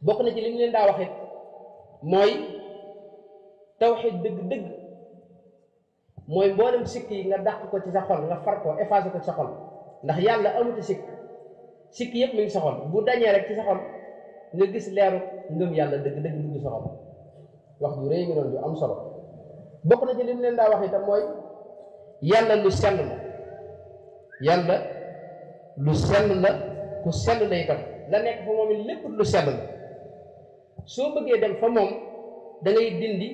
bokk na ci li ñu leen daa waxee mooy tawxid dëgg-dëgg mooy mboolem sikk yi nga dàq ko ci sa xol nga far ko effacé ko ci sa xol ndax yàlla amuti sikk sikk yëpp mi ngi sa xol bu dañee rek ci sa xol nga gis leeru ngëm yàlla dëgg-dëgg dugg sa xol wax ju rëy mi noonu ju am solo bokk na ci li ñu leen daa wax itam mooy yàlla lu sell la yàlla lu sell la ku sell la itam la nekk fa moom it lépp lu sell la so bëggee dem fa moom da ngay dindi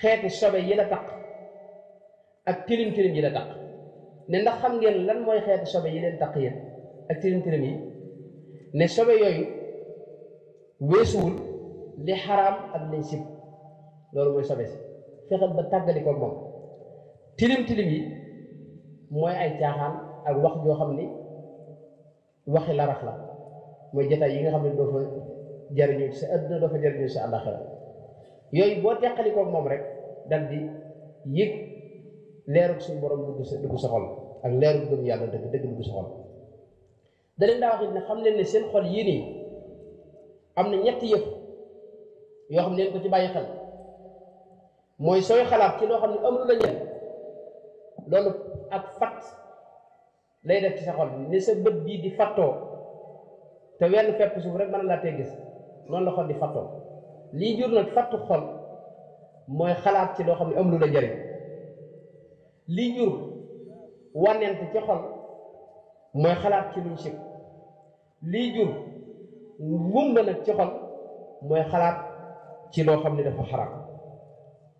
xeetu sobe yi la taq ak tilim tilim yi la taq ne ndax xam ngeen lan mooy xeetu sobe yi leen taq yéen ak tilim tilim yi ne sobe yooyu weesuwul li xaraam ak li sib loolu mooy sobe si fexeel ba tàggali ko moom tilim tilim yi mooy ay caaxaan ak wax joo xam ni waxi larax la mooy jataay yi nga xam ne doo fa jariñu ci aduna dafa jariñu ci alakhirah yoy bo tekkali ko mom rek dal di yek leeru sun borom dugg sa dugg sa xol ak leeruk gëm yàlla deug dëgg dugg sa xol da waxit ne xam leen ne seen xol yii nii am na ñetti yëf xam leen ko ci baye xal moy soy xalaat ci lo xam ne amul la ñeen lolu ak fat lay def ci sa xol ni sa bëb bi di fatto te wenn fepp suuf rek man la tay gis noonu la xol di fattoo lii jur nag fattu xol mooy xalaat ci loo xam ne am lu la jëriñ lii jur wànnent ci xol mooy xalaat ci luñ sib mooy xalaat ci loo xam ne dafa xaraam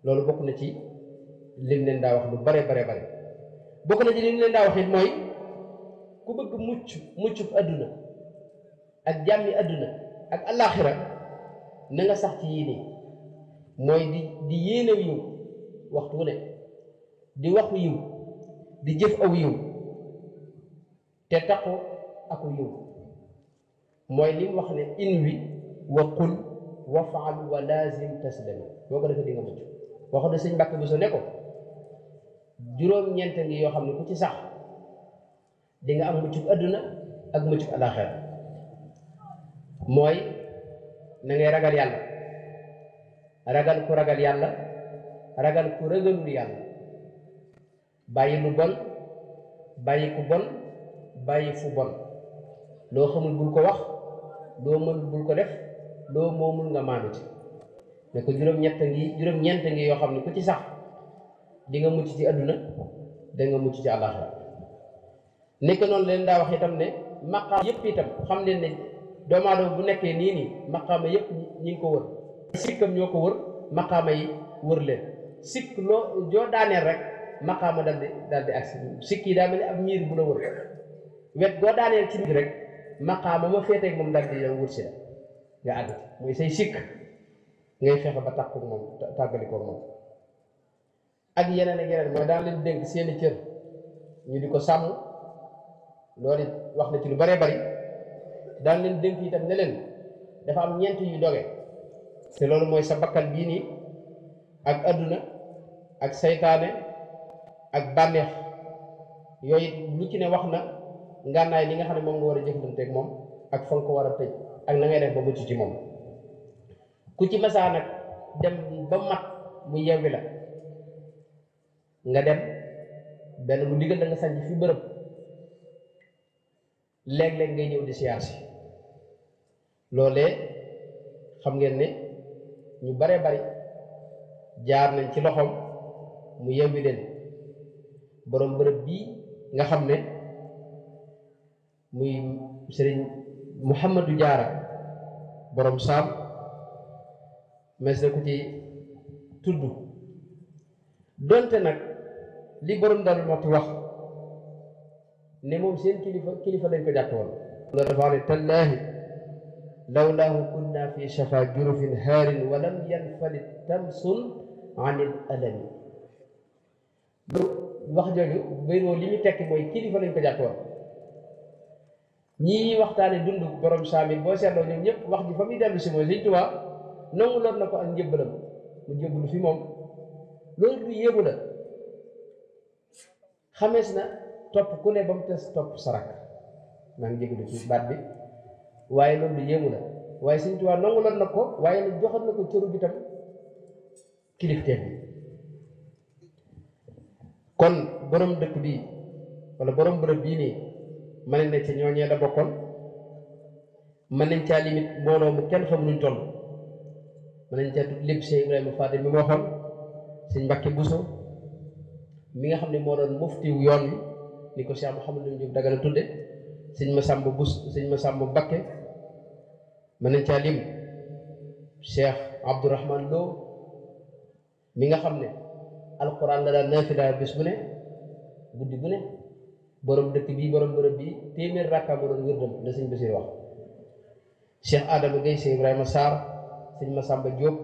loolu bokk na ci lim leen daa wax mu bare bare bare bokk na ci lim leen daa wax mooy ku bëgg mucc muccub adduna ak jàmmi adduna ak àllaaxira na sax ci yéene mooy di di yéenew yiw waxtu ne di waxu yiw di jëf aw yiw te taqu aku yiw mooy li wax ne in wi wa qul wafaal wa laazim taslami boo ko defee di nga mucc waxoon na sëñ Mbàkke bu so ne ko juróom-ñeent ngi yoo xam ne ku ci sax di nga am muccub àdduna ak muccub àllaaxira Moy, na ngay ragal yalla ragal ku ragal yalla ragal ku ragalul yalla bayi lu bon bàyyi ku bon bàyyi fu bon lo xamul bul ko wax loo mënul bul ko def loo moomul nga manuti ne ko juróom-ñett ngi juróom ñent ngi yo xamni ne ku ci sax di nga mucc ci aduna da nga mucc ci alakhirah nek non len da wax itam ne yep itam xam len ne doomu aadama bu nekkee nii nii maqaama yëpp ñi ngi ko wër sikkam ko wër yi wër leen sikk loo joo daaneel rek maqaama dal di dal di agsi sikk yi daa mel ni ab miir bu la wër wet ma féeteeg moom dal di si mooy say sikk ngay fexe ba tàqu moom tàggalikoo moom yeneen ak yeneen mooy daan leen dénk seeni cër ñu di ko sàmm loolu wax na ci lu bëree bëri daan leen dénk itam ne len dafa am ñent yu doge te lolu moy sa bakkan bi ni ak aduna ak saytaane ak banex yoy lu ci ne waxna na li nga xamne mom nga war a ak mom ak fon ko wara a ak na ngay def ba mucc ci mom ku ci massa nak dem ba mat mu yewwi la nga dem ben lu digal da nga sanc fi beurep léeg-léeg ngay ñëw di siyaar si loolee xam ngeen ne ñu bare bari jaar nañ ci loxoom mu yewwi leen boroom bërëb bii nga xam ne muy sëriñ Mouhamadou Diarra boroom saam mes na ko ci tudd donte nag li boroom Darou Mouhty wax ne moom seen kilifa kilifa lañ ko jàpp woon li ñu kilifa lañ ko jàpp woon ñii waxtaane dund wax ji fa muy dellu si na ko ak njëbbalam mu jëbbalu fi moom loolu du yéegu xamees na topp ku ne ba mu tes topp sarak maa ngi jégalu ci baat bi waaye loolu lu yéemu la waaye Sëñ Tuubaa nangu lan na ko waaye nag joxoon na ko cëru bi tam kilifteef bi kon boroom dëkk bii wala boroom bërëb bii nii mën nañ ne ci ñooñee la bokkoon mën nañ caa limit mbooloo mu kenn xamu nuñ toll mën nañ caa tudd lépp Cheikh Ibrahima Fade mi waxoon sëñ Mbàkke Buso mi nga xam ne moo doon muftiw yoon ni ko cheikh mouhamadou diouf daga la tudde sëñ ma sàmb bus sëñ bakke mané ci alim lim cheikh abdourahman lo mi nga xamné alquran la dal nafila bis bu ne guddi bu ne borom dekk bi borom borom bi témir rakka borom doon la sëñ bassir wax cheikh adama gay cheikh ibrahima sarr sëñ ma diop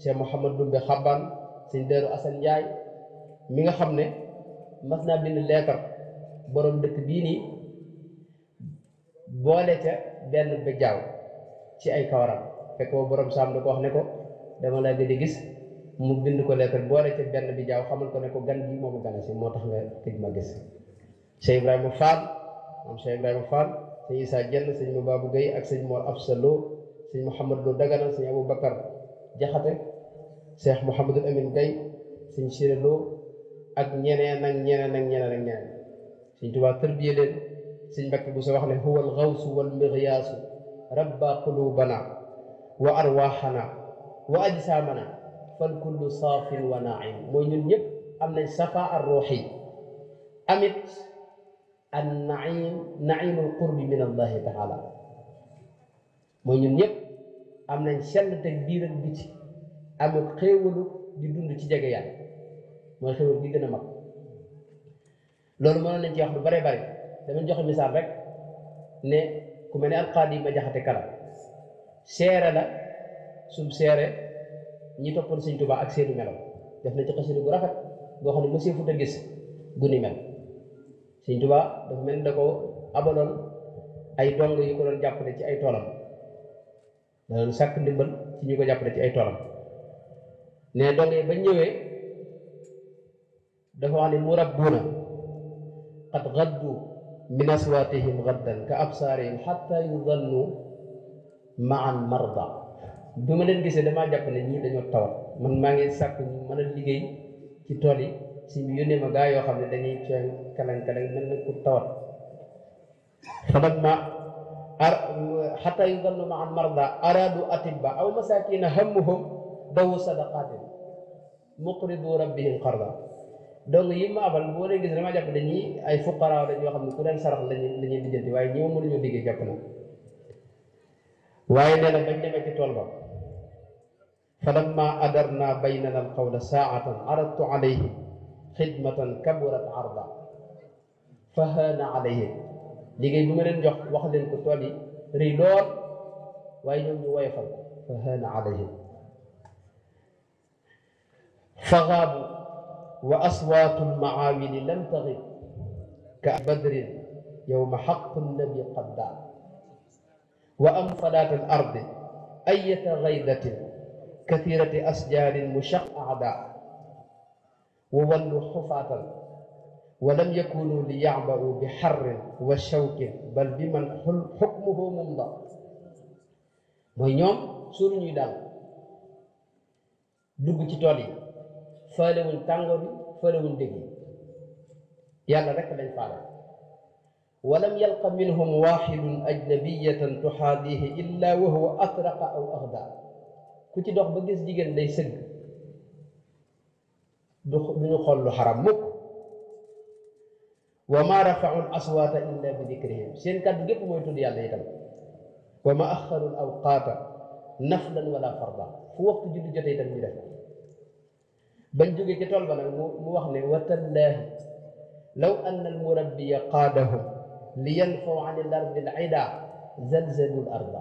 cheikh mouhamad dumbe asan njaay mi nga xamné masna mas bind borom dëkk bii nii boole ca benn ba jaaw ci ay kawaram fekk boobu borom saam da ko wax ne ko dama laa gëj a gis mu bind ko lettre boole ca benn bi jaaw xamal ko ne ko gan gi moo ko gane si moo tax nga tëj ma gis Cheikh Ibrahima Fall maam Cheikh Ibrahima Fall sëñ Issa Jenn sëñ Babou Gueye ak sëñ Mor Absa Lo sëñ Mouhamad Lo Dagana sëñ Abou Bakar Jaxate Cheikh Mouhamadul Amin Gueye sëñ Chiré Lo ak ñeneen ak ñeneen ak ñeneen ak ñeneen سيدي وا تربيه لين سيدي مكي بوسا واخني هو الغوث والمغياس رب قلوبنا وارواحنا واجسامنا فالكل صاف وناعم موي نون نيب ام نان صفاء الروحي امت النعيم نعيم القرب من الله تعالى موي نون نيب ام نان سلت اك بيرك بيتي ام خيولو دي دوند سي جيغيال موي خيول دي گنا مك loolu mënoon nañ ci wax lu bare bare dama joxe misaal rek ne ku mel ne alqaadi ma jaxate kala seere la sum seere ñi toppoon sëñ tuba ak seenu melam def na ci xasidu gu rafet boo xam ne monsieur futa gis gu ni mel sëñ tuba dafa mel da ko abaloon ay dong yu ko doon jàppale ci ay toolam da doon sàkk ndimbal ci ñu ko jàppale ci ay toolam ne dong yi ba ñëwee dafa wax ne mu buuna qad gaddu min aswaatihim gaddan ka absaarihim xatta yudannu maan marda bi ma leen gisee damaa jàpp ne ñii dañoo tawat man maa ngi sàkk ñu mën a liggéey ci tool yi si ñu yónnee ma gaa yoo xam ne dañuy cooy kalan kalan mel na ku tawat xamat ma ar xataa yudannu maan marda araadu atibba aw masakina hammuhum dawu sadaqatin muqridu rabbihim qarda donc yi ma abal boo dee gis dama jàpp dañuy ay fuqaraaw lañ yoo xam ne ku leen sarax lañu lañuy lijjanti waaye ñi ma mënuñu liggéey jàpp na waaye nee na bañ demee ci tool ba falamma adarna baynana alqawla saatan aradtu alayhim xidmatan kaburat arda fahaana alayhim liggéey bi ma leen jox wax leen ko tool yi rëy lool waaye ñoom ñu woyofal ko fahaana alayhim fagaabu وأصوات المعامل لم تغب كبدر يوم حق النبي قد دعا وأم صلاة الأرض أية غيدة كثيرة أسجال مشق أعداء وولوا حفاة ولم يكونوا ليعبأوا بحر وشوك بل بمن حكمه ممضى mooy ñoom suuru ñuy daal dugg faalewuñ tàngoor bi faalewuñ dëgg yi yàlla rek lañ faale walam yalqa minhum waxidun ajnabiyatan tuxaadihi illa wa huwa atraqa aw axda ku ci dox ba gis jigéen day sëgg du ñu xool lu xaram mukk wa ma rafaul aswaata illa bi dikrihim seen kàddu gépp mooy tudd yàlla itam wa ma axaru l awqaata naflan wala farda fu waxtu julli jotee itam ñu def bañ jóge ci tool ba nag mu wax ne watallaahi law anna al murabbiya qaadahum li yanfaw an il ardi al ida zalzalul arda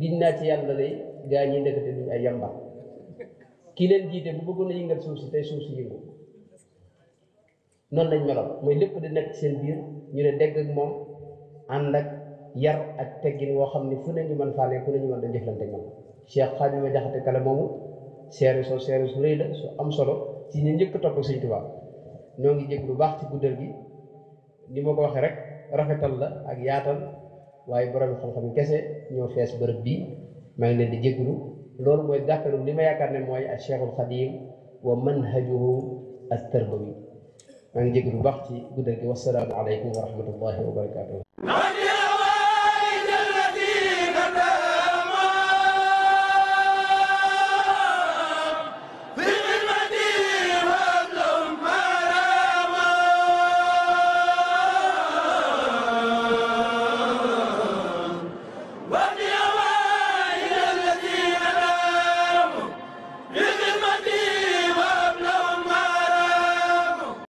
giñ naa ci yàlla day gaa ñi ndekete ay yamba ki leen jiite bu bëggoon a yëngal suuf si tey suuf si yëngu noonu lañ meloon mooy lépp di nekk seen biir ñu ne dégg moom ànd ak yar ak teggin woo xam ni fu ne ñu man faa ne fu ne ñu mën dañ jëflante ak moom Cheikh Xaadima Jaxate Kala moomu seere soo seere su rëy la su am solo ci ñu njëkk topp sëñ Tuubaa ñoo ngi jég lu baax ci guddal gi ni ma ko waxee rek rafetal la ak yaatal waaye borom xam-xam kese ñoo fees bërëb bii maa ngi leen di jéglu loolu mooy gàttalu li ma yaakaar ne mooy ak Cheikhul Xadim wa manhajuhu at-tarbawi maa ngi jéglu bu baax ci guddal gi wasalaamu aleykum wa rahmatullahi wa barakatuh